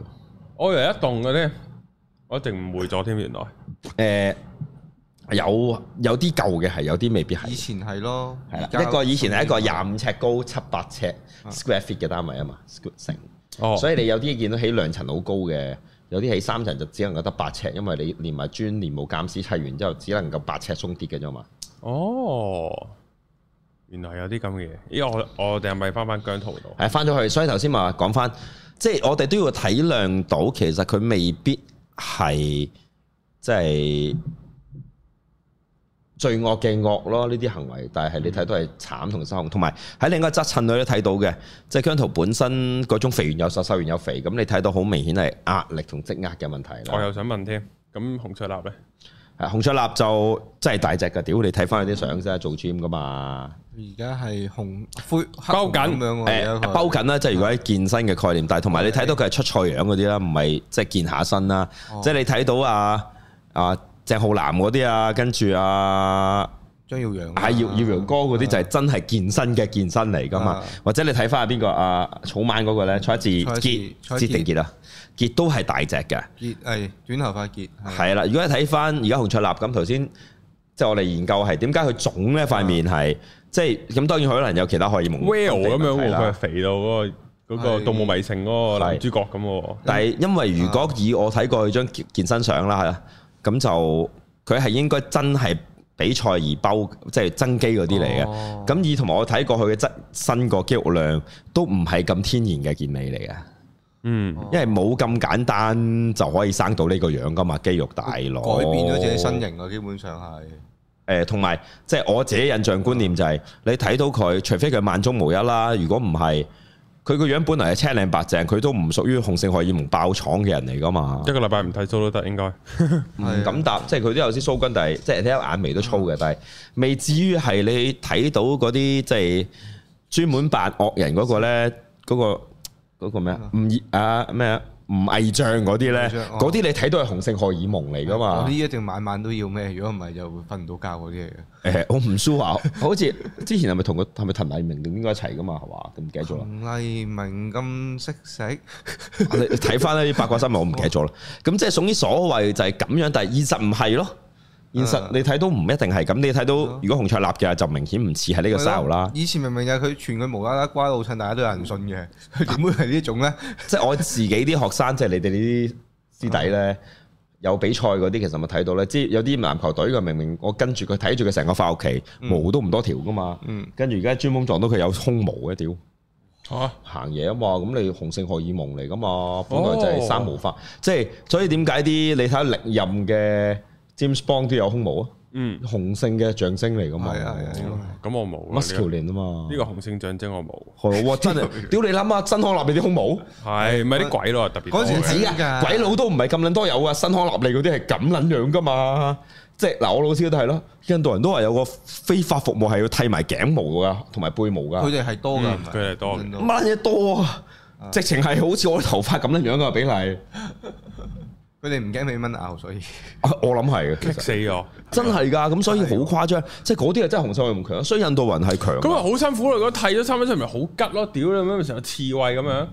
A: 我以為一棟嘅咧，我一定誤會咗添，原來。
B: 誒、呃，有有啲舊嘅係，有啲未必係。以前係咯，係啦。一個以前係一個廿五尺高七百尺，啊、square feet 嘅單位啊嘛，square 所以你有啲見到起兩層好高嘅，有啲起三層就只能夠得八尺，因為你連埋磚連冇監師砌完之後，只能夠八尺鬆啲嘅啫嘛。
A: 哦。原來有啲咁嘅嘢，咦？我我哋係咪翻翻姜濤度？
B: 係翻咗去，所以頭先話講翻，即係我哋都要體諒到，其實佢未必係即係罪惡嘅惡咯。呢啲行為，但係你睇到係慘同失控，同埋喺另一個側襯裏都睇到嘅，即係姜濤本身嗰種肥完又瘦，瘦完又肥，咁你睇到好明顯係壓力同積壓嘅問題啦。我又
A: 想問添，咁洪卓立咧？
B: 係洪卓立就真係大隻噶，屌你睇翻佢啲相先，做 gym 噶嘛？
A: 而家係紅灰紅包緊
B: 咁樣，誒、欸、包緊括啦，即係如果喺健身嘅概念，的但係同埋你睇到佢係出賽樣嗰啲啦，唔係的即係健下身啦，即係你睇到阿阿鄭浩南嗰啲啊，跟住啊。張耀揚係耀耀揚哥嗰啲就係真係健身嘅健身嚟噶嘛？或者你睇翻下邊個啊，草蜢嗰個咧？蔡志傑、蔡定傑啊，傑都係大隻嘅。
C: 傑係短頭髮傑係
B: 啦。如果你睇翻而家洪卓立咁頭先，即係我哋研究係點解佢腫呢塊面係即係咁，當然可能有其他荷爾蒙。Well 咁樣喎，佢係
A: 肥到嗰個嗰個《動物迷情》嗰個男主角咁喎。但
B: 係因為如果以我睇過佢張健身相啦，咁就佢係應該真係。比賽而包即係增肌嗰啲嚟嘅，咁、哦、以同埋我睇過佢嘅質身個肌肉量都唔係咁天然嘅健美嚟嘅，嗯，哦、因為冇咁簡單就可以生到呢個樣噶嘛，肌肉大佬改變咗自己身形
C: 啊，基本上係，
B: 誒同埋即係我自己印象觀念就係、是、你睇到佢，除非佢萬中無一啦，如果唔係。佢個樣本嚟係青靚白淨，佢都唔屬於雄性荷爾蒙爆廠嘅人嚟噶嘛？一個禮拜唔剃須都得，應該唔 敢答，哎、呀即係佢都有啲鬚根，但係即係睇下眼眉都粗嘅，嗯、但係未至於係你睇到嗰啲即係專門扮惡人嗰個咧，嗰、嗰個嗰、嗰個咩、嗯、啊？吳啊咩啊？唔偽象嗰啲咧，嗰啲藏你睇到係雄性荷爾蒙嚟噶嘛？嗯、我呢一
C: 定晚晚都要咩？如果唔係就瞓唔到覺
B: 嗰啲嘢。誒、欸，我唔舒華好似之前係咪同個係咪滕麗名定邊個一齊噶嘛？係嘛？咁唔記得咗啦。滕
C: 麗名咁識食，
B: 你睇翻啲八卦新聞，我唔記得咗啦。咁、哦、即係屬於所謂就係咁樣，但係現實唔係咯。現實你睇到唔一定係咁，的你睇到如果洪卓立嘅就明顯唔似係呢個 style 啦。
C: 以前明明就佢傳佢無啦啦乖，到，
B: 趁大家都有人信嘅，點、嗯、會係呢種呢？即係我自己啲學生，即係 你哋呢啲師弟呢，嗯、有比賽嗰啲其實咪睇到呢？即有啲籃球隊佢明明我跟住佢睇住佢成個發育期毛都唔多條噶嘛，跟住而家專門撞到佢有胸毛一屌，
A: 嚇、
B: 啊、行嘢啊嘛，咁你雄性荷爾蒙嚟噶嘛，本來就係生毛髮，哦、即係所以點解啲你睇下歷任嘅？James Bond 都有胸毛啊？嗯，雄性嘅象徵嚟噶嘛？係
A: 啊，咁我冇 muscle 啊嘛，呢個雄性象徵我冇。係喎，真係，屌你諗下，新康納利啲胸毛，係，咪啲鬼咯，特別嗰陣時啊，鬼佬
B: 都唔係咁撚多有啊，新康納利嗰啲係咁撚樣噶嘛，即係嗱，我老師都係咯，印度人都話有個非法服務係要剃埋頸毛噶，同埋背毛噶，佢哋係多噶，
A: 佢哋多，掹嘢
B: 多啊？直情係好似我啲頭髮咁樣樣噶比例。
C: 佢哋唔驚俾蚊咬，所以
B: 我諗係嘅，激死我！真係㗎，咁所以好誇張，即係嗰啲係真係紅細菌咁強，所以印度人係強。咁
A: 啊，好辛苦啦！如果剃咗三分鐘，咪好吉咯，屌你咁樣成個刺猬咁樣，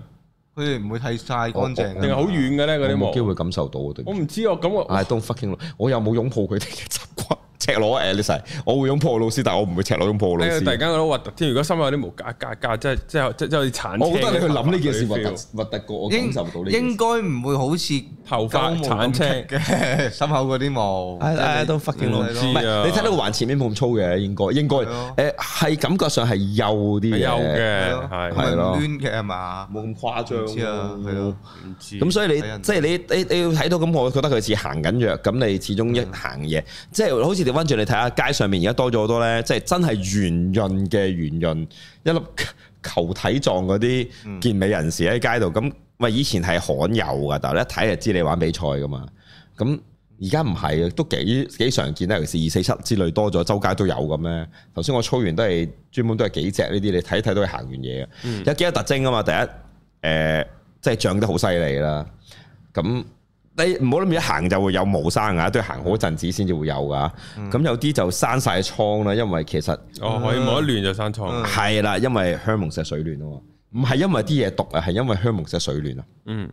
A: 佢哋唔會剃晒乾淨，定係好遠嘅咧嗰啲冇機
B: 會感受到我唔知我感覺，係 don't fucking，我又冇擁抱佢哋嘅習慣。赤裸誒呢我會擁抱老師，但係我唔會赤裸擁抱老師。突然
A: 間覺得核突添，如果心有啲毛夾夾即係即係即係殘青。我覺得你去諗呢件事核突核突過，我感受唔到呢。應該
C: 唔會好似頭髮殘青嘅心口嗰啲毛，係係到髮型濃你睇到個
B: 環前面冇咁粗嘅，應該應該誒係感覺上係幼啲嘅，係係囉，攣
C: 嘅係嘛，冇咁誇張。咁所以你
B: 即係你你你要睇到咁，我覺得佢似行緊藥，咁你始終一行嘢，即係好似。跟住你睇下街上面而家多咗好多咧，即係真係圓潤嘅圓潤一粒球體狀嗰啲健美人士喺街度。咁喂、嗯，以前係罕有噶，但係一睇就知你玩比賽噶嘛。咁而家唔係啊，都幾幾常見啊，尤其是二四七之類多咗，周街都有咁咧。頭先我操完都係專門都係幾隻呢啲，你睇睇都係行完嘢嘅，嗯、有幾多特徵啊嘛？第一，誒、呃，即係漲得好犀利啦，咁。你唔好諗住一行就會有毛生啊，都要行好一陣子先至會有噶。咁、嗯、有啲就生晒瘡啦，因為其實、嗯、哦，可以冇得亂
A: 就生瘡。係
B: 啦、嗯，因為荷爾蒙失水亂啊嘛，唔係因為啲嘢毒啊，係因為荷爾蒙失水亂啊。
A: 嗯，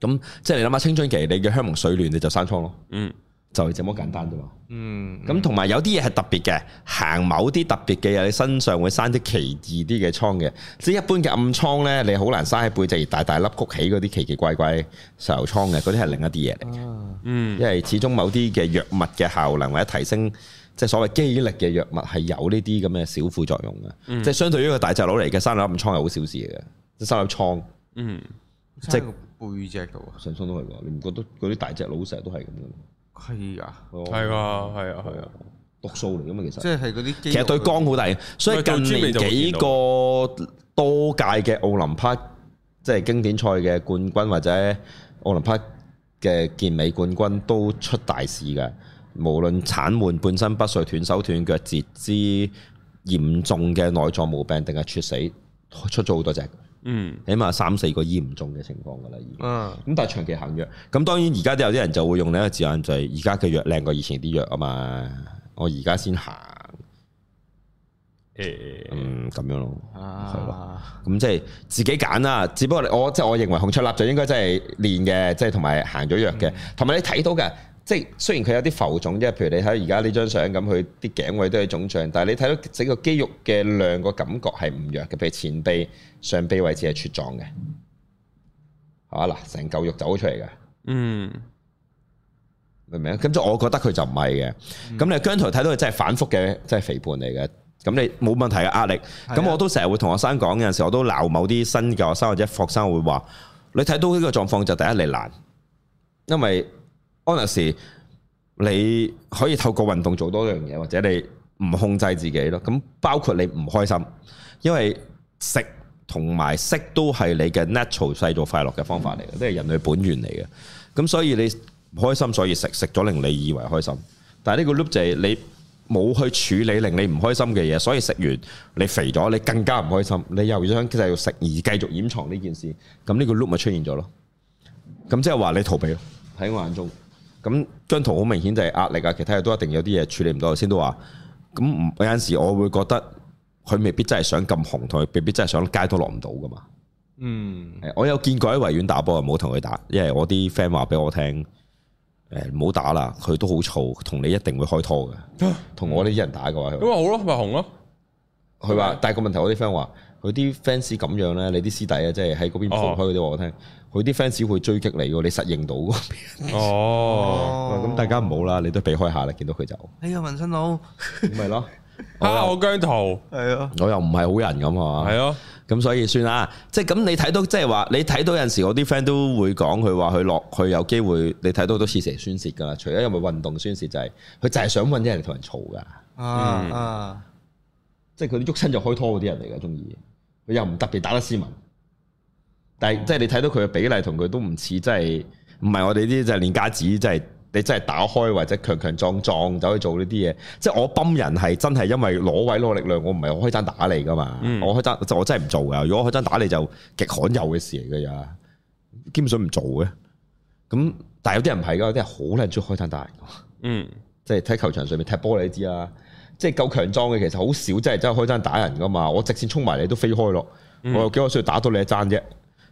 B: 咁即係你諗下青春期，你嘅荷爾蒙水亂，你就生瘡咯。嗯。就係這麼簡單啫嘛。嗯。嗯。
C: 咁同埋
B: 有啲嘢係特別嘅，行某啲特別嘅嘢，你身上會生啲奇異啲嘅瘡嘅。即係一般嘅暗瘡咧，你好難生喺背脊，而大大粒谷起嗰啲奇奇怪怪細流瘡嘅，嗰啲係另一啲嘢嚟嘅。嗯。因為始終某啲嘅藥物嘅效能或者提升，即係所謂肌力嘅藥物係有呢啲咁嘅小副作用嘅。嗯。即係相對於個大隻佬嚟嘅，生粒暗瘡係好小事嘅。即生粒瘡。嗯。即係背脊嘅喎。上瘡都係喎，你唔覺得嗰啲大隻佬成日都係咁樣？係啊，係噶、哦，係啊，
A: 係啊，毒素
B: 嚟噶嘛，其實即係嗰啲，其實對肝好大，所以近年幾個多屆嘅奧林匹，即係經典賽嘅冠軍或者奧林匹嘅健美冠軍都出大事嘅，無論癱瘓、半身不遂、斷手斷腳、截肢、嚴重嘅內臟毛病，定係猝死，出咗好多隻。嗯，起碼三四個醫唔中嘅情況噶啦，已經。咁、嗯、但係長期行藥，咁當然而家都有啲人就會用呢一個字眼就係，而家嘅藥靚過以前啲藥啊嘛。我而家先行，誒、欸，嗯，咁樣咯，係咯、啊。咁即係自己揀啦。只不過我即係、就是、我認為洪卓立就應該真係練嘅，即係同埋行咗藥嘅，同埋、嗯、你睇到嘅。即係雖然佢有啲浮腫，即係譬如你睇而家呢張相咁，佢啲頸位都係腫脹，但係你睇到整個肌肉嘅量個感覺係唔弱嘅，譬如前臂、上臂位置係凸狀嘅，係嘛，嗱，成嚿肉走出嚟嘅，嗯，明唔明啊？咁即我覺得佢就唔係嘅。咁、嗯、你姜濤睇到佢真係反覆嘅，真係肥胖嚟嘅。咁你冇問題嘅壓力。咁的我都成日會同學生講，有陣時我都鬧某啲新嘅學生或者學生會話，你睇到呢個狀況就第一你難，因為。嗰陣時，esty，你可以透過運動做多樣嘢，或者你唔控制自己咯。咁包括你唔開心，因為食同埋色都係你嘅 natural 製造快樂嘅方法嚟嘅，都係人類本源嚟嘅。咁所以你唔開心，所以食食咗令你以為開心。但係呢個 loop 就係你冇去處理令你唔開心嘅嘢，所以食完你肥咗，你更加唔開心，你又想繼續食而繼續掩藏呢件事，咁呢個 loop 咪出現咗咯。咁即係話你逃避咯，喺我眼中。咁張圖好明顯就係壓力啊，其他人都一定有啲嘢處理唔到先都話，咁有陣時我會覺得佢未必真係想咁紅，同佢未必真係想街都落唔到噶嘛。嗯，我有見過喺維園打波，唔好同佢打，因為我啲 friend 話俾我聽，誒唔好打啦，佢都好燥，同你一定會開拖嘅，同、啊、我呢啲人打嘅話，咁話、嗯、好咯，咪紅咯，佢話說，Okay. 但係個問題我啲 friend 話。佢啲 fans 咁樣咧，你啲師弟啊，即係喺嗰邊放開嗰啲話我聽。佢啲 fans 會追擊你喎，你適應到喎。哦，哦，咁大家唔好啦，你都避開下啦，見到佢就
C: 哎呀，文新佬，
B: 咪 咯，我姜濤，係啊、哦，的我又唔係好人咁啊，係啊的，咁所以算啦。即係咁你睇到，即係話你睇到有陣時，我啲 friend 都會講佢話佢落去有機會。你睇到都黐成宣洩噶啦，除咗因為運動宣洩，就係、是、佢就係想揾啲人同人嘈噶。啊、嗯、啊，嗯、即係佢啲喐親就開拖嗰啲人嚟噶，中意。又唔特別打得斯文，但係即係你睇到佢嘅比例同佢都唔似，即係唔係我哋啲就係練家子，即係你真係打開或者強強壯壯走去做呢啲嘢。即係我泵人係真係因為攞位攞力量，我唔係我開踭打你噶嘛。嗯、我開踭我真係唔做噶。如果我開踭打你就極罕有嘅事嚟噶，咋，基本上唔做嘅。咁但係有啲人唔係噶，有啲人好叻，鍾意開踭打人。嗯，即係睇球場上面踢波你知啦。即係夠強壯嘅，其實好少，真係真係開踭打人噶嘛！我直線衝埋你都飛開咯，嗯、我又幾多需要打到你一踭啫？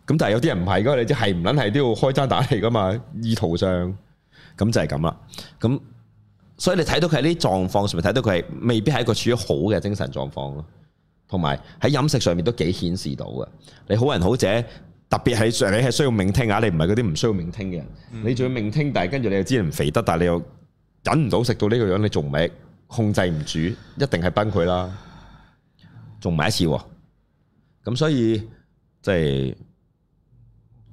B: 咁但係有啲人唔係噶，你知係唔撚係都要開踭打你噶嘛？意圖上咁、嗯、就係咁啦。咁所以你睇到佢喺啲狀況上面，睇到佢係未必係一個處於好嘅精神狀況咯。同埋喺飲食上面都幾顯示到嘅。你好人好者，特別係你係需要冥聽啊！你唔係嗰啲唔需要冥聽嘅人，你仲要冥聽，但係跟住你又知唔肥得，但係你又忍唔到食到呢個樣，你仲唔食？控制唔住，一定係崩潰啦！仲唔係一次，咁所以即係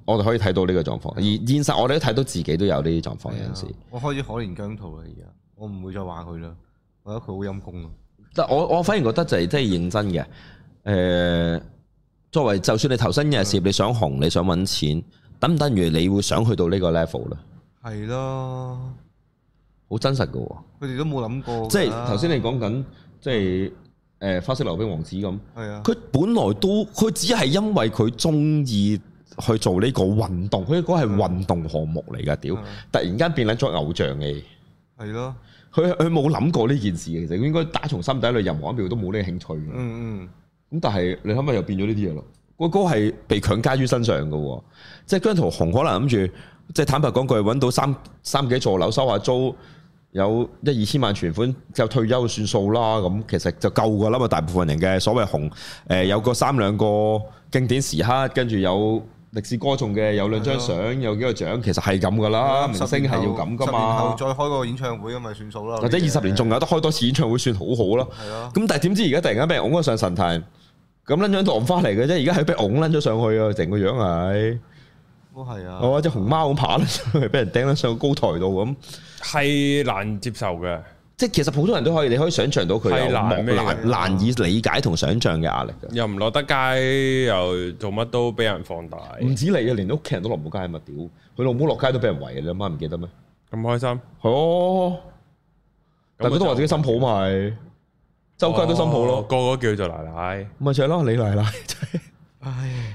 B: 我哋可以睇到呢個狀況。嗯、而現實，我哋都睇到自己都有呢啲狀況有陣時、嗯。
C: 我開始可憐姜濤啦，而家我唔會再話佢啦。我覺得佢好陰功。啊！
B: 但係我我反而覺得就係真係認真嘅。誒、呃，作為就算你投身一件事，的你想紅，你想搵錢，等唔等於你會想去到呢個 level 咧？係咯。好真實嘅喎，
C: 佢哋都冇諗過、啊。即係頭先你
B: 講緊，即係誒花式溜冰王子咁。係啊，佢本來都佢只係因為佢中意去做呢個運動，佢嗰個係運動項目嚟㗎。屌、啊，突然間變緊咗偶像嘅。係咯、啊，佢佢冇諗過呢件事，其實佢應該打從心底裡任何一秒都冇呢興趣嘅。嗯嗯、啊。咁但係你諗下又變咗呢啲嘢咯？個哥係被強加於身上嘅喎，即係姜濤紅可能諗住，即係坦白講句，揾到三三幾座樓收下租。有一二千萬存款就退休算數啦，咁其實就夠噶啦嘛。大部分人嘅所謂紅，誒、呃、有個三兩個經典時刻，跟住有歷史歌頌嘅，有兩張相，有幾個獎，其實係咁噶啦。明星係要咁噶嘛。十年後再
C: 開個演唱會咁咪算數咯。或者二十年仲
B: 有得開多次演唱會算好好咯。咁、嗯、但係點知而家突然間俾人㧬咗上神壇，咁撚樣浪花嚟嘅啫。而家係俾㧬撚咗上去啊，成個樣啊。都係啊！我只、哦、熊貓咁爬咧 上去，俾人掟到上高台度咁，
A: 係難接受嘅。
B: 即係其實普通人都可以，你可以想象到佢係難難難以理解同想象嘅壓力
A: 嘅。又唔落得街，又做乜都俾人放大。唔止你啊，連屋企人都落唔到街，咪屌佢老母落街都俾人圍。你阿媽唔記得咩？咁開心係 哦，
B: 但佢都話自己心抱咪，
A: 哦、周街都心抱咯、哦，個個叫佢做奶奶，
B: 咪就係咯，你奶奶真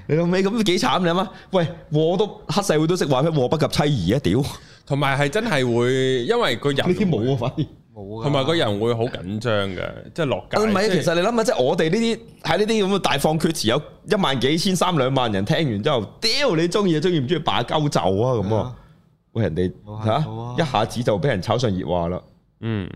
B: 你老味咁都幾慘，你諗下？喂，禍都黑社會都識話咩？禍不及妻兒啊！屌，
A: 同埋係真係會，因為個人啲冇啊，反而冇。同埋個人會好、啊、正緊張嘅，即係落緊。唔係、就是、其
B: 實你諗下，即係我哋呢啲喺呢啲咁嘅大放厥詞，有一萬幾千三兩萬人聽完之後，屌你中意就中意，唔中意擺鳩咒啊咁啊！啊喂人哋嚇，啊、一下子就俾人炒上熱話啦。嗯。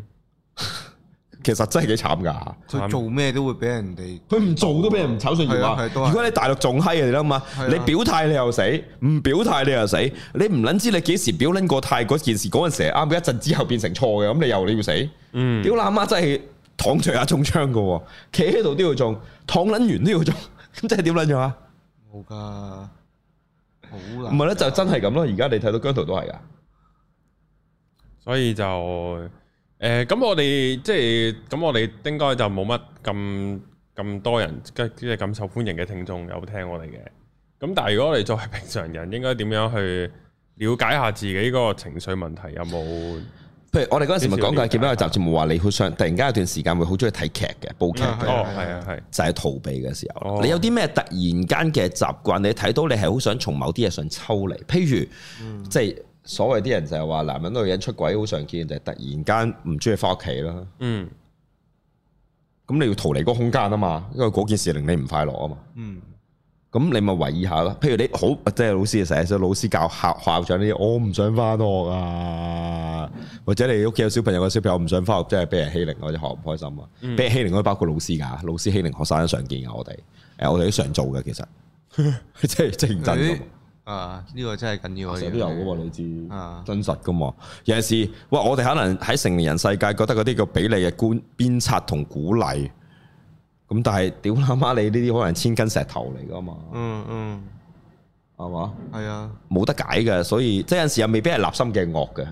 B: 其實真係幾慘噶，佢做
C: 咩都會俾人哋，佢唔做都俾人炒上嚟嘛。如果你大
B: 陸仲嗨人哋啦嘛，你，的你表態你又死，唔表態你又死，的你唔捻知你幾時表捻過態嗰件事，嗰陣時係啱，一陣之後變成錯嘅，咁你又你要死，屌喇阿媽真係躺著，啊、中槍著也中槍噶，企喺度都要中，躺捻完都要中，咁 真係點捻咗啊？
A: 冇噶，好難。唔係咧，就真係咁咯。而家你睇到姜濤都係噶，所以就。誒，咁、嗯、我哋即係咁，我哋應該就冇乜咁咁多人即係咁受歡迎嘅聽眾有聽我哋嘅。咁但係如果我哋作為平常人，應該點樣去了解下自己嗰個情緒問題有冇、哦？譬如我哋嗰陣時咪講緊見
B: 到嗰集節目，冇話你好想突然間有段時間會好中意睇劇嘅，煲劇嘅。哦，係啊，係。就係逃避嘅時候。你有啲咩突然間嘅習慣？你睇到你係好想從某啲嘢上抽離，譬如即係。所謂啲人就係話男人女人出軌好常見，就係、是、突然間唔中意翻屋企啦。嗯，咁你要逃離個空間啊嘛，因為嗰件事令你唔快樂啊嘛。嗯，咁你咪懷疑下啦。譬如你好，即係老師寫，即係老師教校校長啲，我唔想翻學啊。或者你屋企有小朋友個小朋友唔想翻學，即係俾人欺凌或者學唔開心啊。俾人、嗯、欺凌都包括老師噶，老師欺凌學生都常見噶，我哋誒，嗯、我哋都常做嘅其實，即係正爭。是
C: 啊！呢、這個真係緊要嘅，其實、啊、都有噶，啊、你知
B: 真實噶嘛？有陣時，哇！我哋可能喺成年人世界覺得嗰啲叫俾你嘅觀鞭策同鼓勵，咁但係屌你阿媽，你呢啲可能千斤石頭嚟噶嘛？嗯嗯，係嘛
C: 吧？係啊的，
B: 冇得解嘅，所以即係有時又未必係立心嘅惡嘅。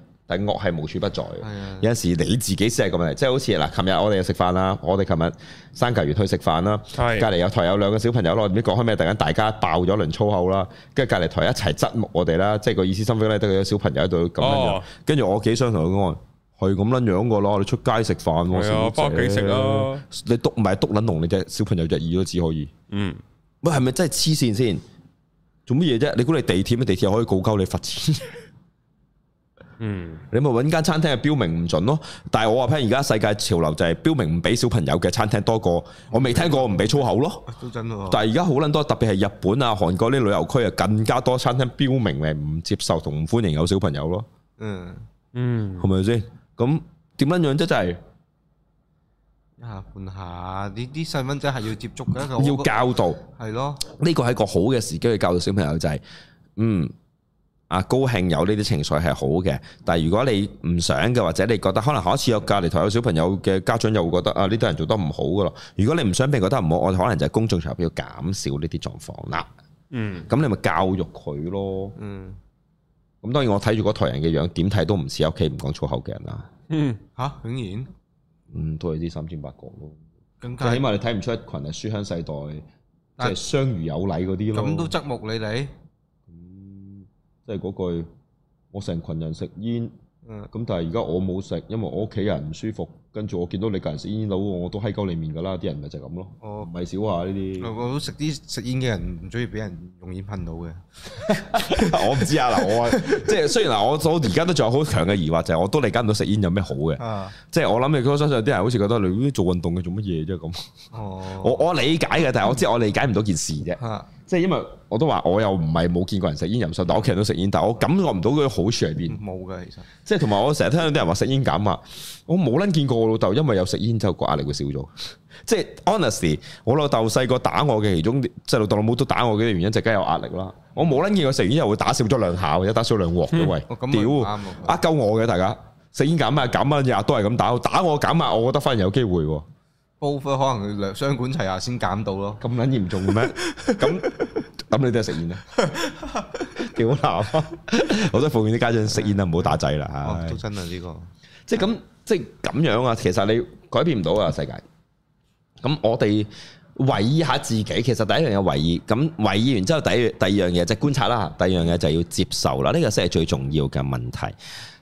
B: 惡係無處不在，的有陣時你自己先係個問題，即、就、係、是、好似嗱，琴日我哋又食飯啦，我哋琴日生牛月去食飯啦，隔籬的有台有兩個小朋友咯，唔知講開咩，突然間大家爆咗一輪粗口啦，跟住隔籬台一齊責罵我哋啦，即係個意思深，心聲咧都有小朋友喺度咁樣，跟住，哦哦，我幾想同佢講，係咁捻樣個咯，你出街食飯，係的啊，翻屋企食啦，啊、你督唔係督捻龍你隻小朋友隻耳都只可以，嗯，喂，係咪真係黐線先？做乜嘢啫？你估你，你地鐵咩？地鐵可以告鳩你罰錢？嗯，你咪搵間餐廳係標明唔准咯，但係我話聽而家世界潮流就係標明唔俾小朋友嘅餐廳多過，我未聽過唔俾粗口咯，都真啊，但係而家好捻多，特別係日本啊、韓國啲旅遊區啊，更加多餐廳標明誒唔接受同唔歡迎有小朋友咯，嗯嗯，係咪先？咁點樣樣啫？就係
C: 一下半下呢啲細蚊仔係要接觸嘅，要教導，係、
B: 嗯、咯，呢個係一個好嘅時機去教導小朋友就係，嗯。啊，高興有呢啲情緒係好嘅，但係如果你唔想嘅，或者你覺得可能下一次有隔離台有小朋友嘅家長又會覺得啊呢堆人做得唔好嘅咯。如果你唔想俾覺得唔好，我哋可能就係公眾場合要減少呢啲狀況啦。嗯，咁你咪教育佢咯。嗯，咁當然我睇住嗰台人嘅樣，點睇都唔似屋企唔講粗口嘅人啦。嗯，吓、啊，竟然，嗯，都係啲三觀不正咯。咁，最起碼你睇唔出一群係書香世代，即係相如有禮嗰啲咯。咁都側目你哋。即係嗰句，我成群人食煙，咁但係而家我冇食，因為我屋企人唔舒服，跟住我見到你隔人食煙佬，我都喺溝裏面噶啦，啲人咪就咁咯。哦，唔係少啊呢啲。我食啲食煙嘅人唔
C: 中意俾人用煙噴到嘅
B: 我唔知啊，嗱我即係雖然嗱，我我而家都仲有好強嘅疑惑，就係、是、我都理解唔到食煙有咩好嘅。即係、啊、我諗你，我相信有啲人好似覺得你做運動嘅做乜嘢啫咁。 哦，我我理解嘅，但係我知我理解唔到件事啫。啊即係因為我都話我又唔係冇見過人食煙飲水，但我屋企人都食煙，但我感覺唔到佢好處喺邊。冇㗎，其實。即係同埋我成日聽到啲人話食煙減壓，我冇撚見過我老豆因為有食煙之後個壓力會少咗。即係 honestly，我老豆細個打我嘅其中即係老豆老母都打我嘅原因就梗係有壓力啦。我冇撚見過食煙之後會打少咗兩下，或者打少兩鑊嘅、嗯、喂。屌，啊夠我嘅大家食煙減壓減乜嘢都係咁打，打我減壓，我覺得反而有機會喎。
C: b u 可能兩雙管齊下先減到咯，咁撚嚴重嘅咩？咁
B: 咁 你都係食煙啊，幾好鬧啊！我都奉勸啲家長食煙啊，唔好 打仔啦嚇。都、 哦、真啊呢個，即係咁，即係咁樣啊！其實你改變唔到啊世界。咁我哋為意下自己，其實第一樣嘢為意，咁為意完之後，第一第二樣嘢就觀察啦。第二樣嘢就係要接受啦。呢個先係最重要嘅問題。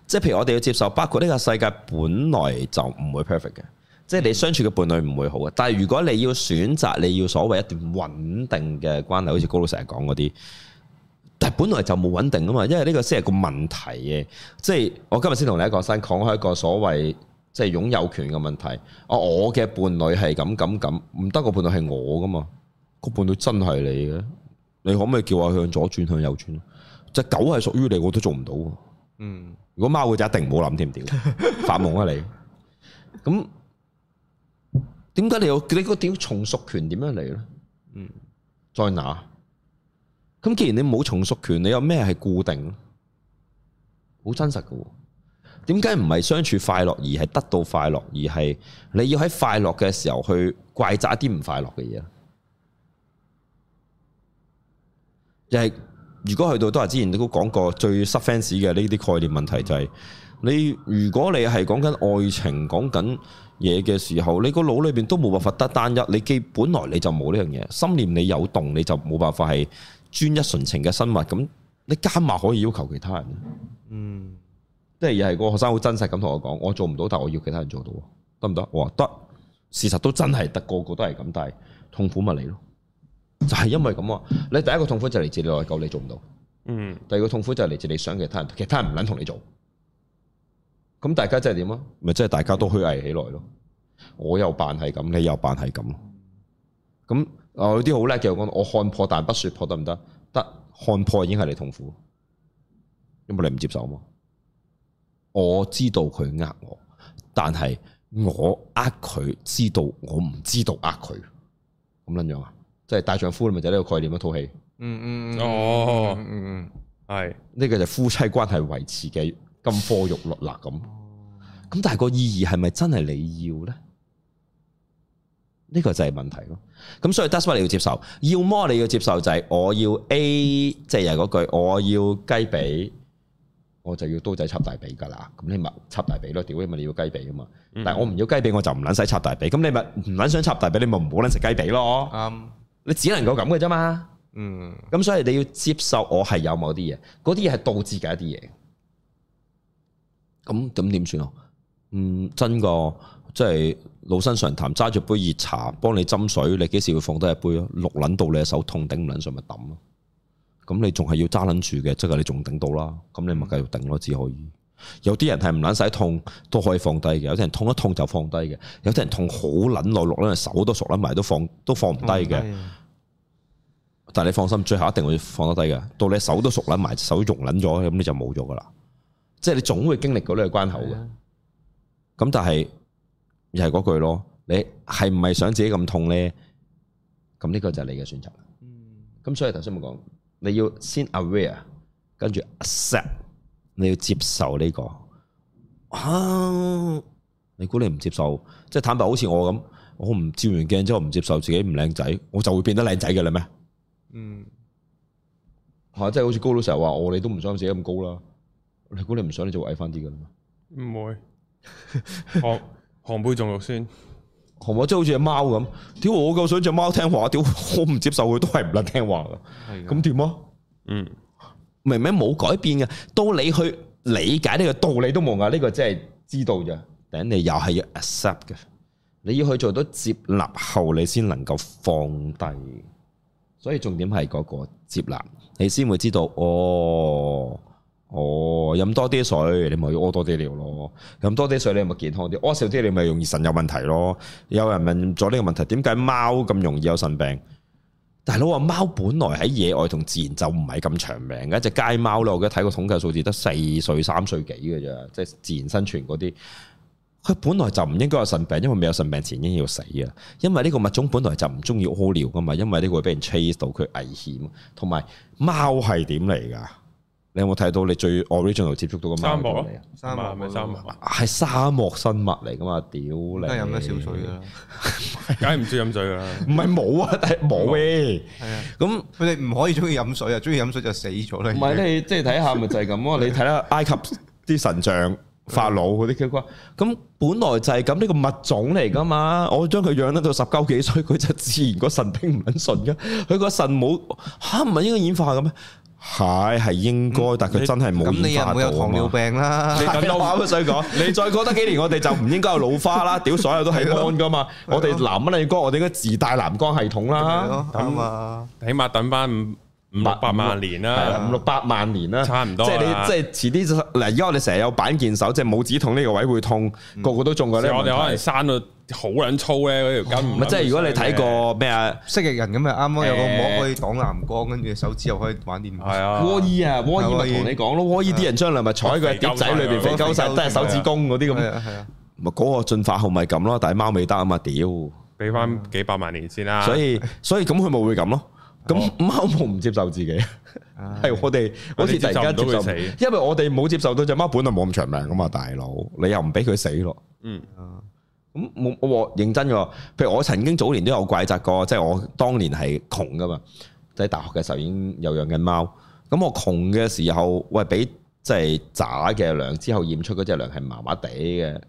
B: 即係譬如我哋要接受，包括呢個世界本來就唔會 perfect 嘅。即係你相處嘅伴侶唔會好嘅，但係如果你要選擇，你要所謂一段穩定嘅關係，好似高佬成日講嗰啲，但係本來就冇穩定啊嘛，因為呢個先係個問題嘅。即係我今日先同你講新，講開一個所謂即係擁有權嘅問題。哦，我嘅伴侶係咁咁咁，唔得個伴侶係我噶嘛，個伴侶真係你嘅，你可唔可以叫我向左轉向右轉？隻狗係屬於你，我都做唔到。嗯，如果貓會就一定唔好諗添，屌發夢啊你，咁。點解你有？你個點從屬權點樣嚟咧？嗯，在哪？咁既然你冇從屬權，你有咩係固定？好真實噶、哦。點解唔係相處快樂而係得到快樂，而係你要喺快樂嘅時候去怪責一啲唔快樂嘅嘢？嗯，又係如果去到都係之前你都講過最 substance 嘅呢啲概念問題就係，是。你如果你係講緊愛情講緊嘢嘅時候，你個腦裏邊都冇辦法得單一。你既本來你就冇呢樣嘢，心念你有動你就冇辦法係專一純情嘅生物。咁你加埋可以要求其他人，嗯，即係又係個學生好真實咁同我講，我做唔到，但我要其他人做到，得唔得？我話得，事實都真係得，個個都係咁，但係痛苦咪嚟咯，就係因為咁啊！你第一個痛苦就嚟自你內疚，你做唔到，嗯。第二個痛苦就嚟自你想其他人，其他人唔撚同你做。咁大家真係點啊？咪即係大家都虛偽起來咯。我又扮係咁，你又扮係咁。咁、嗯、有啲好叻嘅，我講，我看破，但不說破得唔得？得，看破已經係你痛苦，因為你唔接受嘛。我知道佢呃我，但係我呃佢，知道我唔知道呃佢。咁樣樣啊？即係大丈夫咪就呢個概念一套戲，
A: 嗯。嗯嗯哦，
B: 嗯係，呢、嗯嗯嗯嗯，個就夫妻關係維持嘅。金科玉律嗱咁，咁但係個意義係咪真係你要咧？呢、呢個就係問題咯。咁所以，that's what 你要接受，要麼你要接受就係我要 A，即係又嗰句，我要雞髀，我就要刀仔插大髀噶啦。咁你咪插大髀咯，屌解咪你要雞髀噶嘛？Mm hmm. 但係我唔要雞髀，我就唔卵使插大髀。咁你咪唔卵想插大髀，你咪唔好卵食雞髀咯。啱、mm，hmm. 你只能夠咁嘅啫嘛。嗯、mm，咁、hmm. 所以你要接受我，我係有某啲嘢，嗰啲嘢係導致嘅一啲嘢。咁咁點算啊？嗯，真個即係老生常談，揸住杯熱茶幫你斟水，你幾時會放低一杯咯？熝捻到你手痛，頂唔捻上咪抌咯。咁你仲係要揸捻住嘅，即係你仲頂到啦。咁你咪繼續頂咯，只可以。有啲人係唔捻使痛都可以放低嘅，有啲人痛一痛就放低嘅，有啲人痛好捻耐，熝捻手都熟捻埋都放都放唔低嘅。但係你放心，最後一定會放得低嘅。到你手都熟捻埋，手融捻咗，咁你就冇咗噶啦。即係你總會經歷過呢個關口嘅，咁的但係又係嗰句咯，你係唔係想自己咁痛咧？咁呢個就係你嘅選擇。咁、嗯、所以頭先我講，你要先 aware，跟住 accept，你要接受呢、這個。吓、啊，你估你唔接受，即係坦白，好似我咁，我唔照完鏡之後唔接受自己唔靚仔，我就會變得靚仔㗎啦咩？嗯，吓、啊，即係好似高佬成日話我哋都唔想自己咁高啦。你估你唔想，你就矮翻啲噶啦。
A: 唔會，寒寒背仲肉酸。
B: 寒我真係好似隻貓咁。屌，我夠想隻貓聽話。屌，我唔接受佢都係唔得聽話噶。係。咁點啊？嗯，明明冇改變嘅。到你去理解呢個道理都冇噶。呢個即係知道啫。等，你又係要 accept 嘅。你要去做到接納後，你先能夠放低。所以重點係嗰個接納，你先會知道哦。哦，飲多啲水，你咪要屙多啲尿咯。飲多啲水，你咪健康啲。屙少啲你咪容易腎有問題咯。有人問咗呢個問題，點解貓咁容易有腎病？大佬話貓本來喺野外同自然就唔係咁長命嘅，一隻街貓咯，我記得睇過個統計數字得四歲、三歲幾嘅啫，即係自然生存嗰啲。佢本來就唔應該有腎病，因為未有腎病前已經要死啊。因為呢個物種本來就唔中意屙尿噶嘛，因為呢個會俾人 chase 到佢危險。同埋貓係點嚟噶？你有冇睇到你最 original 接觸到嘅沙漠咯？
A: 沙漠咪沙漠，
B: 係、啊、沙漠生物嚟噶嘛？屌你，梗係飲得少水啦，
A: 梗係唔中意飲水噶啦。唔
B: 係冇啊，但係冇嘅。咁佢哋唔可以中意飲水啊！中意飲水就死咗啦。唔係你即係睇下，咪就係咁咯？你睇下， 下埃及啲神像法老嗰啲嘅話，咁本來就係咁呢個物種嚟噶嘛？ 我將佢養得到十鳩幾歲，佢就自然、嗰個神兵唔肯順噶。佢個神母嚇唔係應該演化嘅咩？係係應該，但佢真係冇。咁你又冇有糖尿病啦？你咁多話都再講，你再過得幾年，我哋就唔應該有老花啦。屌，所有都係安㗎嘛？我哋你光，我哋應該自帶藍光系統啦。咁啊，
A: 起碼等翻五
B: 五百萬年啦，五六百萬年啦，差唔多。即係你，即係遲啲。嗱，而家我哋成日有板腱手，即係拇指痛呢個位會痛，個個都中嘅呢。我哋可能
A: 生到。好撚粗咧嗰條筋，唔即係如果你睇過
B: 咩啊蜥蜴人咁啊，啱啱有個膜可以擋
A: 藍
C: 光，跟住手指又可以玩電玩。
B: 係啊，WALL-E 啊，WALL-E 咪同你講咯，WALL-E 啲人將來咪坐喺佢碟仔裏邊肥鳩晒，都係手指公嗰啲咁。係啊，啊，咪嗰個進化後咪咁咯，但係貓未得啊嘛，屌，
A: 俾翻幾百萬年先啦。所以
B: 所以咁佢咪會咁咯，咁貓冇唔接受自己，係我哋好似大家接受，因
A: 為我哋冇接受到隻貓
B: 本來冇咁長命噶嘛，大佬，你又唔俾佢死咯，嗯。咁我我認真喎，譬如我曾經早年都有怪責過，即係我當年係窮噶嘛，即係大學嘅時候已經有養緊貓。咁我窮嘅時候，餵俾即係渣嘅糧，之後驗出嗰隻糧係麻麻地嘅。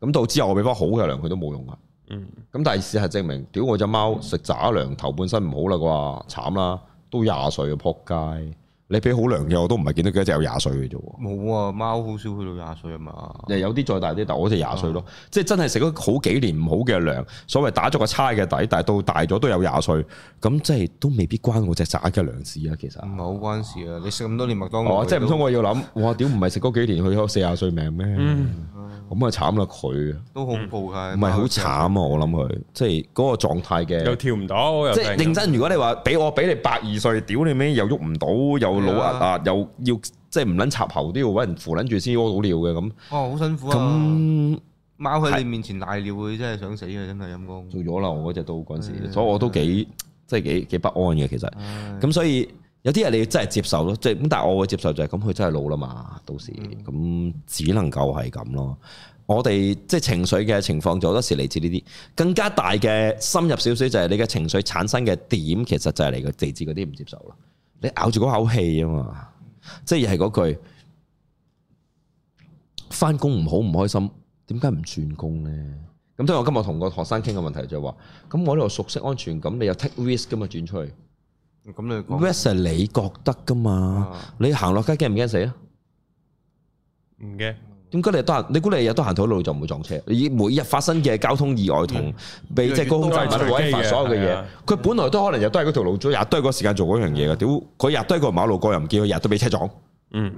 B: 咁到之後我俾翻好嘅糧，佢都冇用啊。嗯。咁但係事實證明，屌我隻貓食渣糧頭半身唔好啦啩，慘啦，都廿歲啊，撲街。你俾好糧嘅我都唔係見到幾多隻有廿歲嘅啫，
C: 冇啊！貓好少去到廿歲啊嘛，
B: 有啲再大啲，但我隻廿歲咯，啊、即係真係食咗好幾年唔好嘅糧，所謂打咗個差嘅底，但係到大咗都有廿歲，咁即係都未必關我隻渣嘅糧事啊，其實唔係好關事
C: 啊，你食咁多年麥當勞。哦，即係唔通我
B: 要諗，哇！屌唔係食嗰幾年去咗四廿歲命咩？嗯咁咪慘啦佢，都恐怖嘅。唔係好慘啊！我諗佢，即係嗰個狀態嘅，又跳唔到，即係認真。如果你話俾我俾你百二歲，屌你咩？又喐唔到，又老壓壓，又要即係唔撚插喉都要搵人扶撚住先屙到尿嘅咁。
C: 哦，好辛苦啊！咁踎喺你面前瀨尿，佢真係想死嘅，真係陰
B: 公。做咗啦，我嗰隻都嗰陣時，所以我都幾即係幾幾不安嘅其實。咁所以。有啲人你真係接受咯，即係咁。但係我會接受就係咁，佢真係老啦嘛。嗯、到時咁只能夠係咁咯。我哋即係情緒嘅情況，就好、是、多時嚟自，呢啲更加大嘅深入少少，就係你嘅情緒產生嘅點，其實就係嚟個直接嗰啲唔接受咯。你咬住嗰口氣啊嘛，即係又係嗰句返工唔好唔開心，點解唔轉工呢？嗯，咁所以我今日同個學生傾嘅問題就係、是、話，咁我呢度熟悉安全感，你又 take risk 噶嘛，轉出去？咁你？vers 是你覺得噶嘛？你行落街驚唔驚死啊？
A: 唔驚。
B: 點解你又行？你估你日日都行同路就唔會撞車？你每日發生嘅交通意外同被即係高空墜物毀壞所有嘅嘢，佢本來都可能日日都係嗰條路，日日都係個時間做嗰樣嘢噶。屌佢日都喺個馬路過，又唔見佢日都俾車撞。
A: 嗯，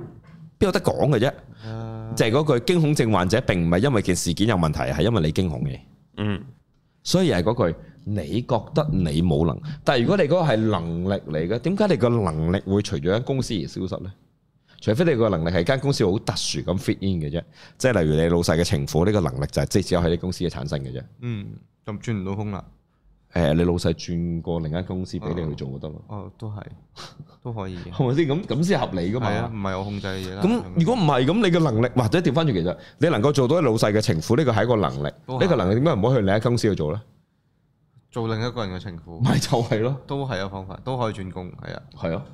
B: 邊有得講嘅啫？
A: 就
B: 係嗰句，驚恐症患者並唔係因為件事件有問題，係因為你驚恐嘅。嗯，所以又係嗰句。你覺得你冇能力，但係如果你嗰個係能力嚟嘅，點解你個能力會隨住間公司而消失咧？除非你個能力係間公司好特殊咁 fit in 嘅啫，即係例如你老細嘅情婦呢個能力就係，即係只有喺你公司嘅產生嘅啫。
C: 嗯，咁轉唔到空啦。
B: 誒，你老細轉過另一間公司俾你去做就得啦。哦，
C: 都係，都可以。係咪先咁咁先合理噶嘛？唔係我控制嘅
B: 嘢啦。咁如果唔係咁，你嘅能力或者調翻轉，其實你能夠做到老細嘅情婦呢個係一個能力，呢個能力點解唔可以去另一間公司去做咧？
C: 做另一個人嘅情婦，咪就係咯，都係有方法，都可以轉工，係啊，
B: 係啊，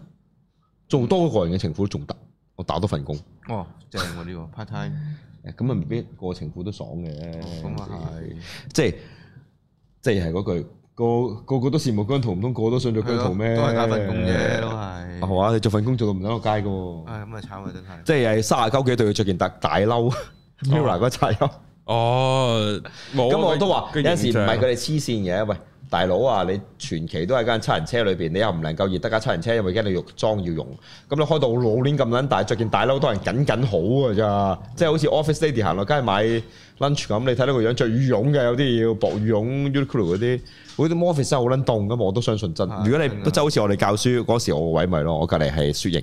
B: 做多個,個,個人嘅情婦都仲得，我打多份工，
C: 哦，正我呢個 part
B: time，誒咁啊，唔必個情婦都爽嘅，咁啊係，即係即係係嗰句，個個個都羨慕姜濤，唔通個個都想做姜濤咩？都係打份工啫，都係，係啊，你做份工做到唔想落街嘅喎，係咁啊慘啊真係，即係係三廿九幾對佢着件大大褸，邊個話個仔哦，咁我都話有時唔係佢哋黐線嘅。喂，大佬啊，你全期都喺間七人車裏邊，你又唔能夠熱得架七人車，因為驚你浴裝要用。咁你開到老年咁撚大，着件大褸，都係緊緊好啊，咋？即係好似 office lady 行落街買 lunch 咁，你睇到個樣着羽絨嘅，有啲要薄羽絨、ultralight 嗰啲，嗰啲 office 真係好撚凍咁。我都相信真。如果你即係好似我哋教書嗰時我我，我個位咪咯，我隔籬係雪型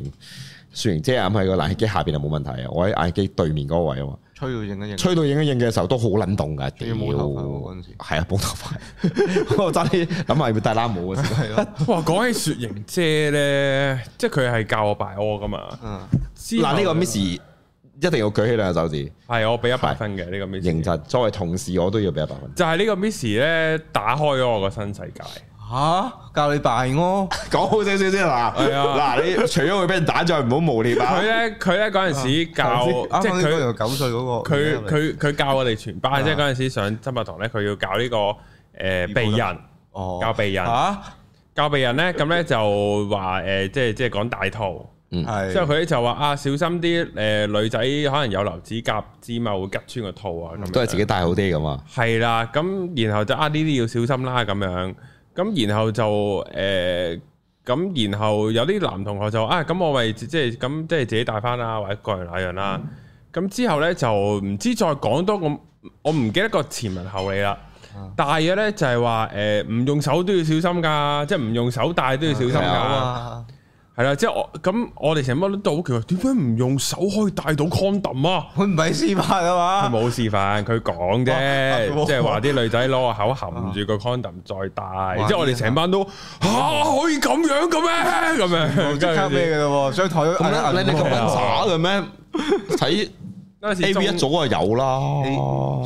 B: 雪型，即係咁喺個冷氣機下邊就冇問題啊。我喺冷氣機對面嗰位啊嘛。
A: 吹到影一影，吹
B: 到影一影嘅時候都好撚凍噶，屌！係啊，冇頭
A: 髮，我真係諗下要戴拉帽嘅係咯，哇！講起雪影姐咧，即係佢係教我擺屙噶嘛。嗱，呢個 Miss 一定要舉
B: 起兩隻手指，係我俾一百分嘅呢對個 Miss。認真，作為同事我都要俾一百分。
A: 就係呢個 Miss 咧，打開咗我個新世界。吓教你扮我講好聲啲先啦，嗱，你除
B: 咗會俾人打咗，唔好無理打佢咧。佢咧嗰陣時教，即係佢九歲嗰個，佢佢
A: 佢教我哋全班，即係嗰陣時上生物堂咧，佢要教呢個誒避孕，教避孕吓，教避孕咧，咁咧就話誒，即係即係講大套，係之後佢咧就話啊，小心啲，誒女仔可能有留指甲，之嘛會吉穿個套啊，都係自己戴好啲咁啊。係啦，咁然後就啊呢啲要小心啦，咁樣。咁然後就誒，咁、呃、然後有啲男同學就啊，咁我咪即係咁即係自己帶翻啦，或者各人禮樣啦。咁之、嗯、後呢，就唔知再講多個，我唔記得個前文後理啦。大約呢，就係話誒，唔、呃、用手都要小心噶，即係唔用手帶都要小心㗎。啊係啦，即係我咁，我哋成班都好奇怪，點解唔用手可以戴到 condom 啊？佢唔係示範啊嘛？佢冇示範，佢講啫，即係話啲女仔攞個口含住個 condom 再戴。之後我哋成班都吓可以咁樣嘅咩？咁樣最卡咩嘅咯？張台咁咧，你咁文渣嘅咩？
B: 睇 A V 一早就有啦，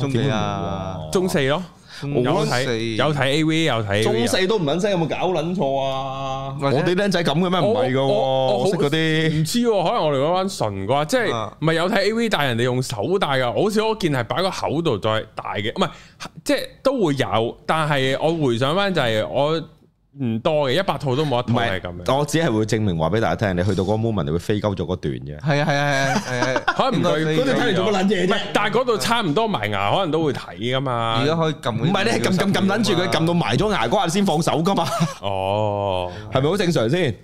B: 中啊，中四咯。有睇，有睇 A V
A: 有睇，中四都唔撚識，有冇搞撚錯啊？我哋僆仔咁嘅咩？唔係嘅，我識嗰啲，唔、啊、知喎、啊。可能我哋嗰班純啩，即係唔係有睇 A V，但係人哋用手戴嘅，好少。我見係擺個口度再戴嘅，唔係即係都會有。但係我回想翻就係我。唔多嘅，一百套都冇一套係咁樣。
B: 我只係會證明話俾大家聽，你去到嗰 moment 你會飛鳩咗嗰段嘅。係
A: 啊係啊係係係，可能唔對，嗰度睇嚟做乜撚嘢啫？唔係，但係嗰度差唔多埋牙，可能都會睇噶嘛。而家可以撳，唔係你撳撳撳撚住佢撳到埋咗牙嗰下先放手噶嘛？哦，係咪好正常先？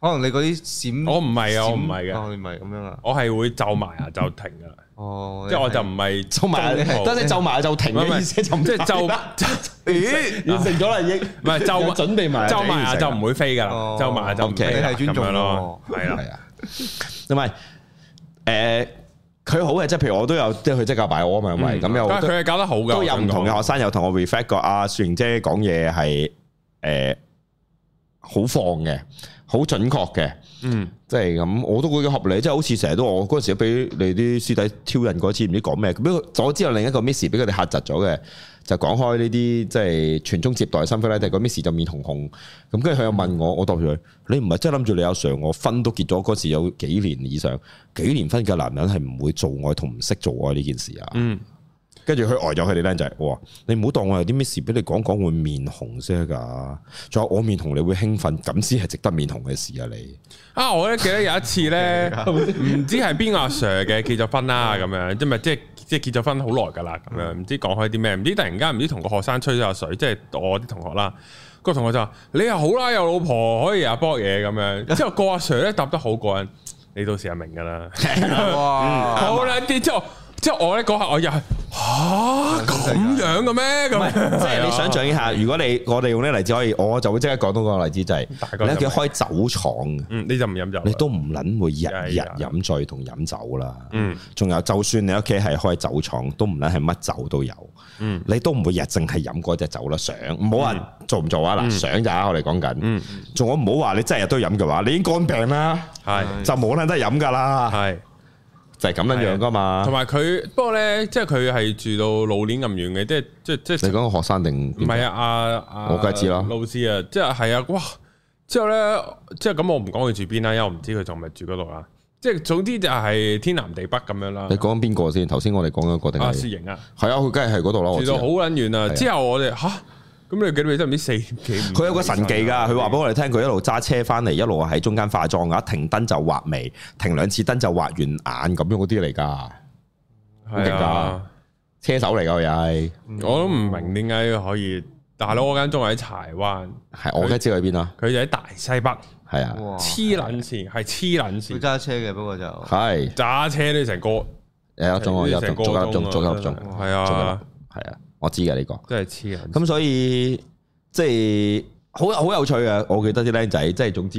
A: 可能你嗰啲閃，我唔係啊，我唔係嘅，我唔係咁樣啊，我係會就埋牙就停噶啦。哦，即係我就唔係皺埋，係即係皺埋就停嘅意思，即係就完成咗啦，已唔係皺，準備埋，皺埋就唔會飛噶啦，皺埋就 OK，係
B: 尊重咯，係啊，係啊，同埋誒，佢好嘅，即係譬如我都有，即係佢即刻咁擺我啊嘛，係咪？咁又佢係搞得好噶，都有唔同嘅學生有同我 reflect 過，阿璇姐講嘢係誒好放嘅，好準確嘅。嗯，即係咁、嗯，我都覺得合理。即係好似成日都我嗰陣時俾你啲師弟挑釁嗰次，唔知講咩。咁不過，之後另一個 Miss 俾佢哋吓窒咗嘅，就講、是、開呢啲即係傳宗接代嘅心扉咧。第二個 Miss 就面紅紅，咁跟住佢又問我，我答住佢：你唔係真係諗住你有常，啊、Sir, 我婚都結咗，嗰時有幾年以上，幾年婚嘅男人係唔會做愛同唔識做愛呢件事啊。嗯跟住佢呆咗，佢哋咧就，哇！你唔好當我有啲咩事俾你講講會面紅先噶，仲有我面紅會你會興奮，咁先係值得面紅嘅事啊你。
A: 啊！我咧記得有一次咧，唔 知係邊個阿 Sir 嘅結咗婚啦，咁 樣即係即係即係結咗婚好耐噶啦，咁樣唔知講開啲咩，唔知突然間唔知同個學生吹咗下水，即、就、係、是、我啲同學啦，那個同學就話你又好啦，有老婆可以阿、啊、博嘢咁樣，之後個阿 Sir 咧答得好過癮，你到時啊明噶啦，好捻啲，之 即係我咧嗰下我又係吓咁樣嘅咩？咁即係你想象
B: 一下，如果你我哋用呢個例子可以，我我就會即刻講到嗰個例子就係，你屋企開酒廠，嗯，
A: 你就唔飲酒，你
B: 都唔捻會日日飲醉同飲酒啦。嗯，仲有就算你屋企係開酒廠，都唔捻係乜酒都有，
A: 嗯，
B: 你都唔會日淨係飲嗰隻酒啦。想冇人做唔做啊？嗱，想咋我哋講緊，仲好唔好話你真係日都飲嘅話，你已經肝病啦，係就冇捻得飲噶啦，係。就係咁樣對樣噶嘛，
A: 同埋佢不過咧，即係佢係住到老年咁遠嘅，即係即係即係。就是、你講學生定唔係啊？啊，我梗係知咯。啊、老師啊，即係係啊，哇！之後咧，即係咁，我唔講佢住邊啦，因為我唔知佢仲係咪住嗰度啊。即、就、係、是、總之就係天南地北咁樣啦。你講
B: 邊個先？頭先我哋講嘅個定係。啊，施瑩啊，係啊，佢梗係喺嗰度啦。住到好緊
A: 遠啊！之後我哋吓。咁你幾多秒得唔知四幾？佢有個神技
B: 㗎，佢話俾我哋聽，佢一路揸車翻嚟，一路喺中間化妝啊，停燈就畫眉，停兩次燈就畫完眼，咁樣嗰啲嚟㗎，係啊，
A: 車手嚟㗎又係，我都唔明點解可以。大佬嗰間鐘喺柴灣，係我梗知喺邊啦。佢就喺大西北，係啊，黐撚線，係黐撚線。佢揸車嘅，不過就係揸車都成個，誒一鐘又成個鐘，成個鐘，成個鐘，啊，係啊。我知嘅呢個，都係黐人。咁
B: 所以即係好好有趣嘅。我記得啲僆仔，即係總之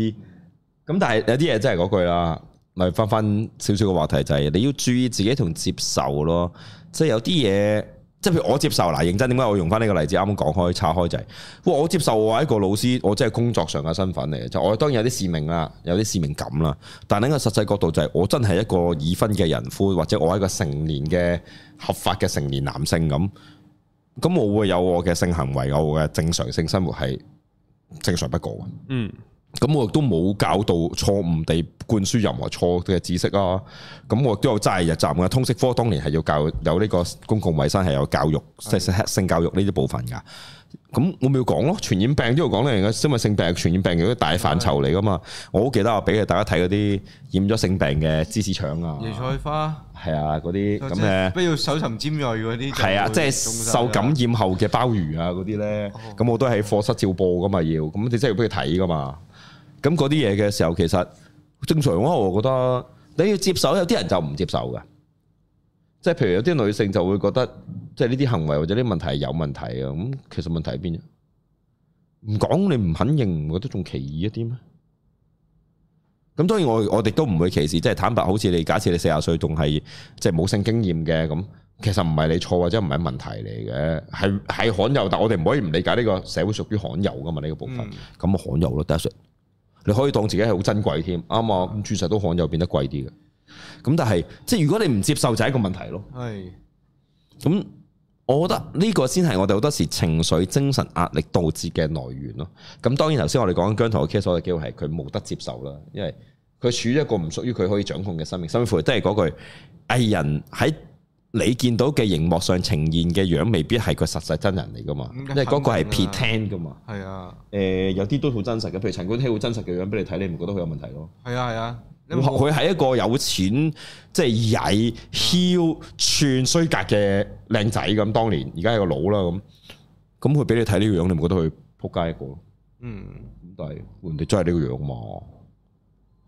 B: 咁。但係有啲嘢真係嗰句啦，咪翻翻少少嘅話題，就係你要注意自己同接受咯。即係有啲嘢，即係譬如我接受嗱，認真點解我用翻呢個例子啱啱講開岔開就係，我接受我係一個老師，我真係工作上嘅身份嚟嘅，就我當然有啲使命啦，有啲使命感啦。但係喺個實際角度就係，我真係一個已婚嘅人夫，或者我係一個成年嘅合法嘅成年男性咁。咁我會有我嘅性行為，我嘅正常性生活係正常不過嘅。嗯，咁我亦都冇搞到錯誤地灌輸任何錯嘅知識囉。咁我都有齋日習嘅通識科，當年係要教有呢個公共衛生係有教育性的性教育呢啲部分噶。咁我咪要講咯，傳染病都要講咧。而家生物性病、傳染病嗰啲大範疇嚟噶嘛。的我好記得我俾佢大家睇嗰啲染咗性病嘅芝士腸啊，椰菜花係啊，嗰啲咁誒，不
C: 如搜尋尖銳嗰啲係啊，即係莉那、就是、受感染
B: 後嘅鮑魚啊嗰啲咧，咁、哦、我都喺課室照播噶嘛，要咁你真係要俾佢睇噶嘛。咁嗰啲嘢嘅時候，其實正常我覺得你要接受，有啲人就唔接受啊。即係譬如有啲女性就會覺得，即係呢啲行為或者呢啲問題係有問題嘅。咁其實問題喺邊？唔講你唔肯認，唔覺得仲奇異一啲咩？咁當然我我哋都唔會歧視，即係坦白好。好似你假設你四十歲仲係即係冇性經驗嘅咁，其實唔係你錯或者唔係問題嚟嘅，係係罕有。但我哋唔可以唔理解呢個社會屬於罕有嘅嘛呢、呢個部分。咁、嗯、罕有咯你可以當自己係好珍貴添，啱啊！咁事實都罕有變得貴啲嘅。咁但係，即係如果你唔接受就係一個問題咯。
C: 係是，
B: 咁、嗯、我覺得呢個先係我哋好多時情緒、精神壓力導致嘅來源咯。咁、嗯、當然頭先我哋講緊姜濤嘅 case，我哋機會係佢冇得接受啦，因為佢處於一個唔屬於佢可以掌控嘅生命，甚至乎都係嗰句藝人喺。你見到嘅熒幕上呈現嘅樣，未必係個實際真人嚟噶嘛？因為嗰個係 painted 噶嘛。係啊，誒、呃、有啲都好真實嘅，譬如陳冠希好真實嘅樣俾你睇，你唔覺得佢有問題咯？
C: 係啊係啊，佢係、啊、一
B: 個有錢、即係曳、囂、串、衰格嘅靚仔咁。當年而家係個佬啦咁，咁佢俾你睇呢個樣，你唔覺得佢撲街一個？嗯，咁但係人哋真係呢個樣嘛，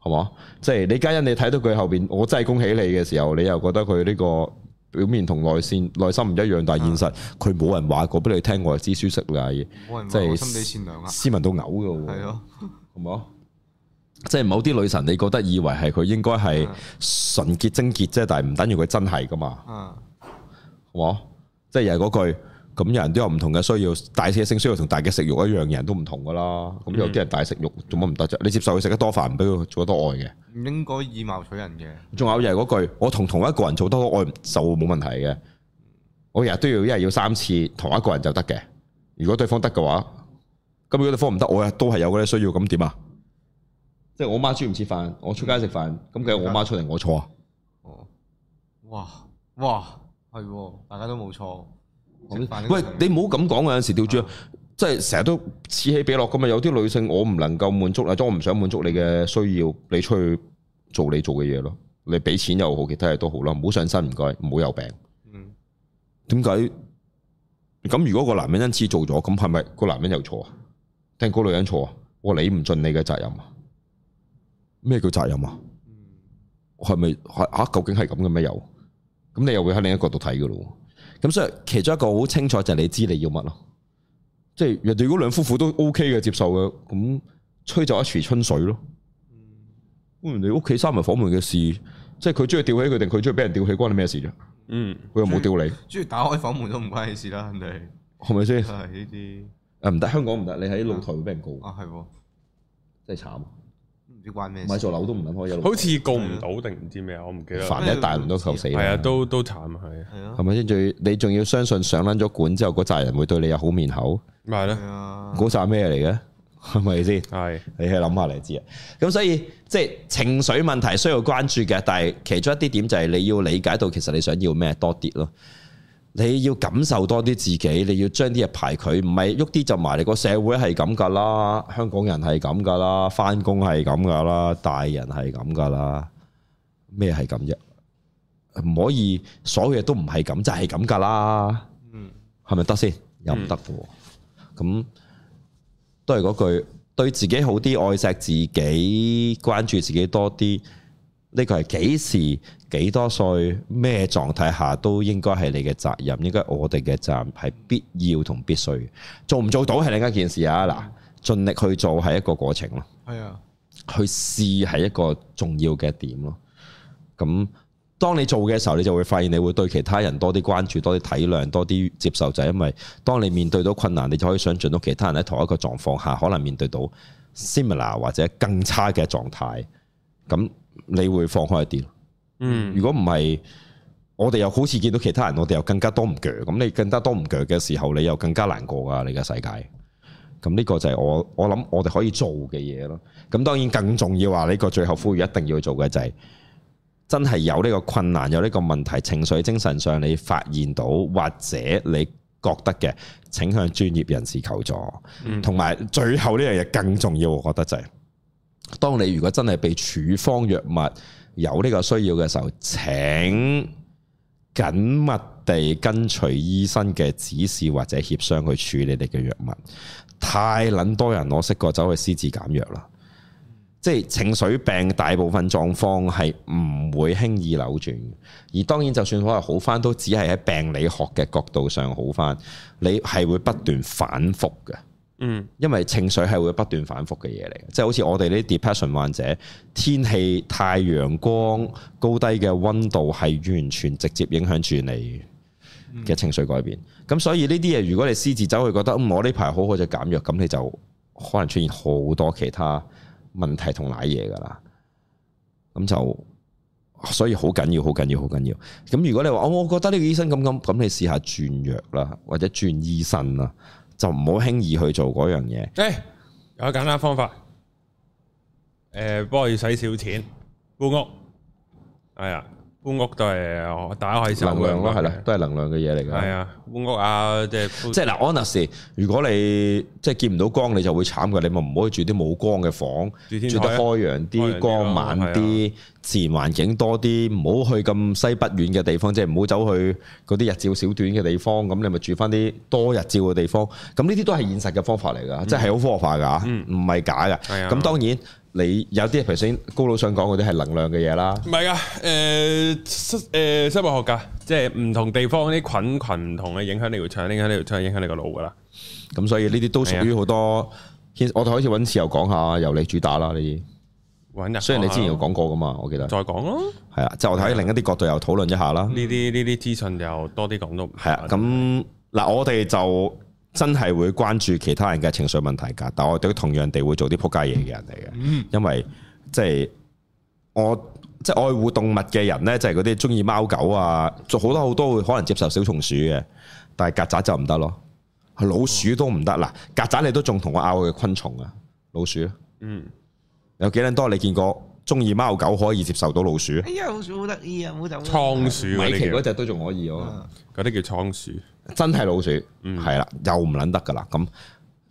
B: 係嘛？即、就、係、是、李嘉欣，你睇到佢後邊，我真係恭喜你嘅時候，你又覺得佢呢、這個？表面同內線、內心唔一樣，但現實佢冇、嗯、人話過俾你聽我，我係知書識禮，即係是心地善良啊，斯文到嘔
C: 嘅喎，係啊對、哦， 好冇？
B: 即係某啲女神，你覺得以為係佢應該係純潔貞潔啫，但係唔等於佢真係嘅嘛，好冇？即係又係嗰句。咁人都有唔同嘅需要，大隻性，性需要同大嘅食慾一樣，人都唔同噶啦。咁、嗯、有啲人大食慾，做乜唔得啫？你接受佢食得多飯，唔俾佢做得多愛嘅，
C: 唔應該以貌取人嘅。
B: 仲有又係嗰句，我同同一個人做得多愛就冇問題嘅。我日日都要一日要三次同一個人就得嘅。如果對方得嘅話，咁如果對方唔得，我啊都係有嗰啲需要，咁點啊？即係我媽煮唔切飯，我出街食飯，咁其實我媽出嚟，我錯啊！哦，哇
C: 哇，係、哦，大家都冇錯。
B: 喂，你唔好咁講啊！有陣時調轉，是的 即係成日都此起彼落咁啊！有啲女性我唔能夠滿足啊，即我唔想滿足你嘅需要，你出去做你做嘅嘢咯。你俾錢又好，其他嘢都好啦，唔好上身唔該，唔好有病。嗯，點解咁？如果個男人因此做咗，咁係咪個男人又錯啊？定個女人錯啊？我理你唔盡你嘅責任啊？咩叫責任、嗯、是是啊？係咪吓？究竟係咁嘅咩？有咁你又會喺另一個角度睇噶咯？咁所以其中一個好清楚就係你知你要乜咯，即係人哋如果兩夫婦都 OK 嘅接受嘅，咁吹走一池春水咯。嗯，咁人哋屋企閂埋房門嘅事，即係佢中意吊起佢定佢中意俾人吊起，關你咩事啫？嗯，佢又冇吊你，
C: 中意打開房門都唔關你事啦，你係咪先？係呢
B: 啲，誒，唔得，香港唔得，你喺露台會俾人告啊，係喎，真係慘。
A: 買座樓都唔諗開，好似告唔到定唔知咩，我唔記得。凡一大輪都求死，啊，係啊，都都
B: 慘係。係啊，係咪先？最你仲要相信上捻咗管之後，嗰扎人會對你有好面口？咪係咯，估晒咩嚟嘅？係咪先？係，你係諗下嚟知啊。咁、啊、所以即係、就是、情緒問題需要關注嘅，但係其中一啲點就係你要理解到，其實你想要咩多啲咯。你要感受多啲自己，你要將啲嘢排佢，唔係喐啲就埋嚟。個社會係咁噶啦，香港人係咁噶啦，翻工係咁噶啦，大人係咁噶啦，咩係咁啫？唔可以，所有嘢都唔係咁就係咁噶啦。嗯，係咪得先？又唔得嘅。咁都係嗰句，對自己好啲，愛錫自己，關注自己多啲。呢個係幾時、幾多歲、咩狀態下都應該係你嘅責任，應該我哋嘅責任係必要同必須。做唔做到係另一件事啊！嗱，盡力去做係一個過程咯。去試係一個重要嘅點咯。咁當你做嘅時候，你就會發現你會對其他人多啲關注、多啲體諒、多啲接受，就係因為當你面對到困難，你就可以想象到其他人喺同一個狀況下，可能面對到 similar 或者更差嘅狀態。咁你會放開啲，嗯。如果唔係，我哋又好似見到其他人，我哋又更加多唔鋸，咁你更加多唔鋸嘅時候，你又更加難過噶。你嘅世界，咁呢個就係我我諗我哋可以做嘅嘢咯。咁當然更重要啊！呢個最後呼籲一定要做嘅就係，真係有呢個困難有呢個問題，情緒精神上你發現到或者你覺得嘅，請向專業人士求助。同埋、嗯、最後呢樣嘢更重要，我覺得就係。當你如果真係被處方藥物有呢個需要嘅時候，請緊密地跟隨醫生嘅指示或者協商去處理你嘅藥物。太捻多人我識過走去私自減藥啦，即係情緒病大部分狀況係唔會輕易扭轉，而當然就算可能好翻，都只係喺病理學嘅角度上好翻，你係會不斷反復嘅。嗯，因為情緒係會不斷反復嘅嘢嚟，即係好似我哋呢啲 depression 患者，天氣、太陽光、高低嘅溫度係完全直接影響住你嘅情緒改變。咁、嗯、所以呢啲嘢，如果你私自走去覺得，嗯，我呢排好好就減藥，咁你就可能出現好多其他問題同瀨嘢噶啦。咁就所以好緊要，好緊要，好緊要。咁如果你話，我我覺得呢個醫生咁咁，咁你試下轉藥啦，或者轉醫生啦。就唔好輕易去做嗰樣嘢。
A: 誒、欸，有個簡單方法，誒、欸，幫我要使少錢，搬屋，係啊。搬屋都係，大家可以能量咯，係啦，都係能量嘅嘢嚟㗎。係啊，搬屋啊，即係即係嗱，安納士，如果你
B: 即係見唔到光，你就會慘㗎。你咪唔好住啲冇光嘅房，住得開揚啲，光猛啲，自然環境多啲，唔好去咁西北遠嘅地方，即係唔好走去嗰啲日照少短嘅地方。咁你咪住翻啲多日照嘅地方。咁呢啲都係現實嘅方法嚟㗎，即係係好科學化㗎，唔係假㗎。咁當然。你有啲頭先高佬想講嗰啲係能量嘅嘢啦，
A: 唔係啊，誒、呃，誒生、呃、物學家，即係唔同地方啲菌群唔同嘅，影響你條腸，影響你條腸，影響你個腦噶啦。咁所以呢啲都屬於好
B: 多，的我哋可以揾次又講下，由你主打啦你啲。揾啊，雖然你之前有講過噶嘛，我記得。再講咯。係啊，就睇另一啲角度又討論一下啦。
A: 呢啲呢啲資訊又多啲講都係啊。咁
B: 嗱的，我哋就。真係會關注其他人嘅情緒問題噶，但我哋都同樣地會做啲撲街嘢嘅
A: 人嚟嘅，
B: 因為即係我即係、就是、愛護動物嘅人呢，就係嗰啲中意貓狗啊，做好多好多會可能會接受小松鼠嘅，但係曱甴就唔得咯，老鼠都唔得啦，曱甴你都仲同我拗佢昆蟲啊，老鼠，嗯，有幾捻多,多你見過？中意貓狗可以接受到老鼠啊！
C: 呀，老鼠好得意啊，冇走。倉
B: 鼠，米奇嗰隻
A: 都仲可以哦。嗰啲叫倉鼠，
B: 真係老鼠，係啦，嗯，又唔撚得噶啦。咁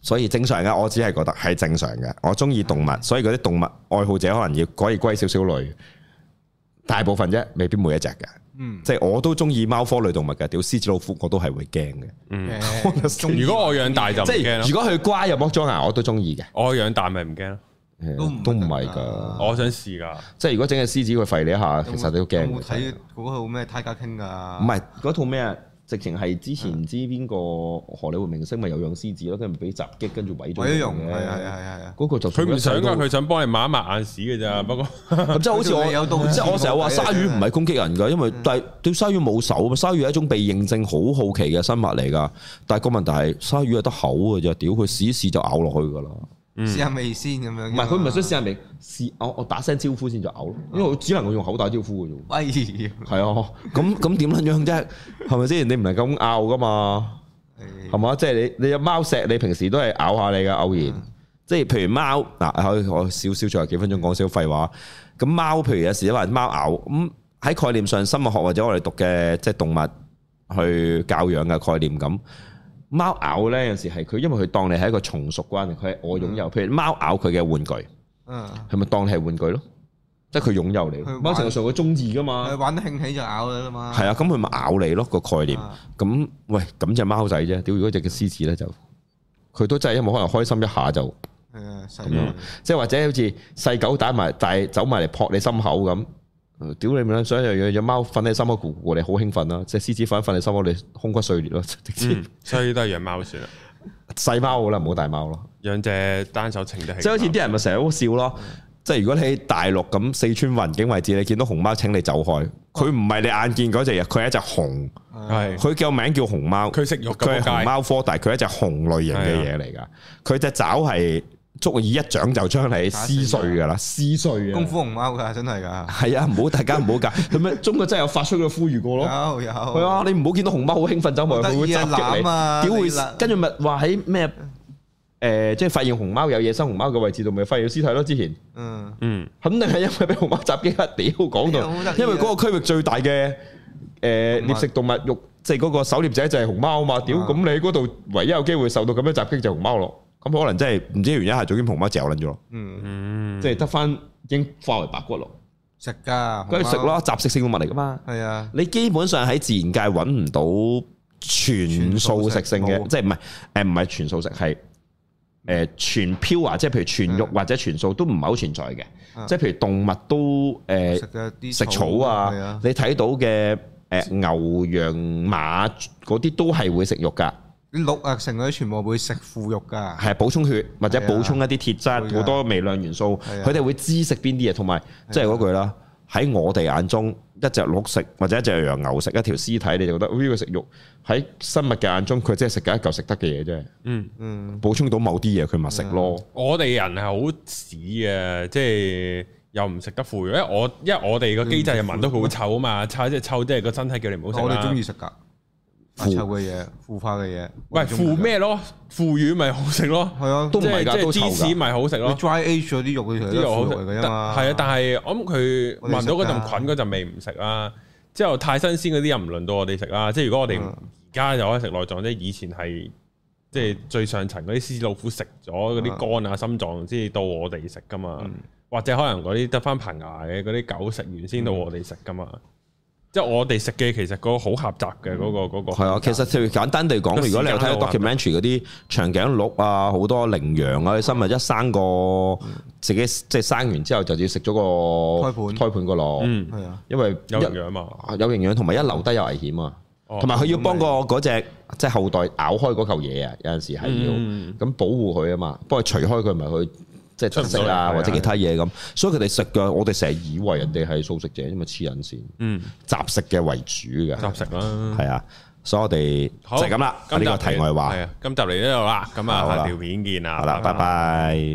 B: 所以正常嘅，我只係覺得係正常嘅。我中意動物，的所以嗰啲動物愛好者可能要改而歸少少類。大部分啫，未必每一隻嘅。即係、嗯、我都中意貓科類動物嘅。屌獅子老虎我都係會驚
A: 嘅。嗯、如果我養大就即係如
B: 果佢乖又剝咗牙我都中意嘅。
A: 我養大咪唔驚咯。都唔都唔係㗎，我
B: 想試㗎。即係如果整隻獅子佢吠你一下，其實你都驚嘅。我睇嗰套咩 Tiger King 㗎。唔係嗰套咩？直情係之前唔知邊個荷里活明星咪有養獅子咯，佢唔俾
A: 襲擊，跟住毀咗嘅。佢都用嘅，係係係係。嗰個就佢唔想㗎，佢想幫你抹一抹眼屎嘅咋。不過即係好似我有道即係我成日話鯊魚
B: 唔係攻擊人㗎，因為但係對鯊魚冇手啊嘛。鯊魚係一種被認證好好奇嘅生物嚟㗎。但係個問題係鯊魚係得口㗎咋，屌佢試一試就咬落去㗎啦。試下味先咁樣，唔係佢唔係想試下味，試我我打聲招呼先就咬咯，因為我只能夠用口打招呼嘅啫。喂，係啊，咁咁點樣啫？係咪先？你唔係咁咬噶嘛？係嘛？即係你你隻貓錫你，平時都係咬下你噶偶然。即係譬如貓嗱，我我少少仲有幾分鐘講少廢話。咁貓譬如有時因為貓咬咁喺概念上，生物學或者我哋讀嘅即係動物去教養嘅概念咁。貓咬咧，有時係佢，因為佢當你係一個從屬關係，佢係我擁有。嗯、譬如貓咬佢嘅玩具，
C: 嗯，
B: 係咪當你係玩具咯？即係佢擁有你。
C: 貓成日做個中意噶嘛，佢玩得興起就
B: 咬你啦嘛。係啊，咁佢咪咬你咯？個概念。咁、嗯、喂，咁隻貓仔啫，屌！如果隻嘅獅子咧就，佢都真係因為可能開心一下就，
C: 嗯、啊、咁、嗯、樣。
B: 即係或者好似細狗打埋大，走埋嚟撲你心口咁。屌你面啦，所以養養貓瞓喺心口咕咕你好興奮啦。即係獅子瞓一瞓喺心口，你胸骨碎裂咯。
A: 所以都係養貓算啦，
B: 細貓好啦，唔好大貓咯。
A: 養隻單手情得起，即係好似
B: 啲人咪成日好笑咯。即係如果你喺大陸咁四川環境位置，你見到熊貓，請你走開。佢唔係你眼見嗰隻嘢，佢係一隻熊。係，佢叫名叫熊貓，佢食肉，佢係熊貓科，但係佢係一隻熊類型嘅嘢嚟噶。佢隻、啊、爪係。足以一掌就將你撕碎噶啦，撕碎啊！功夫熊貓噶，真係噶。係啊，唔好，大家唔好㗎。咁樣中國真係有發出個呼籲過咯。有有。係啊，你唔好見到熊貓好興奮走埋，佢會襲擊你。點會？跟住咪話喺咩？誒，即係發現熊貓有野生熊貓嘅位置同咪發現屍體咯。之前，嗯嗯，肯定係因為俾熊貓襲擊啊！屌，講到，因為嗰個區域最大嘅誒獵食動物，肉，即係嗰個狩獵者就係熊貓啊嘛！屌，咁你嗰度唯一有機會受到咁樣襲擊就係熊貓咯。咁可能真係唔知原因，係早經紅螞嚼撚咗咯。嗯，即係得翻已經化為白骨咯。食噶，梗係食咯，雜食性物嚟噶嘛。係啊的，你基本上喺自然界揾唔到全素食性嘅，即係唔係？誒唔係全素食係誒全飄啊！Ure, 即係譬如全肉或者全素都唔係好存在嘅。的即係譬如動物都誒食、呃、草，草啊，你睇到嘅誒牛羊馬嗰啲都係會食肉噶。
C: 鹿啊，綠成個全部會食腐肉噶，
B: 係補充血或者補充一啲鐵質、好多微量元素，佢哋的會知食邊啲嘢，同埋即係嗰句啦。喺的我哋眼中，一隻鹿食或者一隻羊牛食一條屍體，你就覺得呢個食肉。喺生物嘅眼中，佢即係食緊一嚿食得嘅嘢啫。嗯嗯，補充到某啲嘢，佢咪食咯。嗯、
A: 我哋人係好屎嘅，即係又唔食得腐肉，因為我因為我哋個機制又聞到佢好臭啊嘛，臭即係臭即係，個身體叫你唔好食。我哋中
C: 意食噶。腐嘅嘢，腐化
A: 嘅嘢，喂腐咩咯？腐魚咪好食咯，係咯，即係即係芝士咪好食咯。你 dry
C: aged 咗啲肉，啲肉好食係啊，
A: 但係我諗佢聞到嗰陣菌嗰陣味唔食啦。之後太新鮮嗰啲又唔輪到我哋食啦。即係如果我哋而家就可以食內臟，即係以前係即係最上層嗰啲獅子老虎食咗嗰啲肝啊心臟，先至到我哋食噶嘛。或者可能嗰啲得翻棚牙嘅嗰啲狗食完先到我哋食噶嘛。即係我哋食嘅其實個好狹窄嘅嗰個嗰個係啊。其
B: 實特別簡單地講，如果你有睇 documentary 嗰啲長頸鹿啊，好多羚羊啊啲生物一生個自己即係生完之後就要食咗個胎盤胎盤個咯。嗯，係啊，因為有營養啊嘛，有營養同埋一留低有危險啊。同埋佢要幫個嗰隻即係後代咬開嗰嚿嘢啊，有陣時係要咁保護佢啊嘛，幫佢除開佢咪佢。即係出色啊，或者其他嘢咁，的所以佢哋食嘅，我哋成日以為人哋係素食者，因為黐人線，
A: 嗯，
B: 雜食嘅為主嘅，雜
A: 食啦、啊，係啊，
B: 所以我哋就係咁啦。呢好個題外話，
A: 咁就嚟呢度啦。咁啊，下條片見啊，好啦吧，好吧拜拜。拜
B: 拜。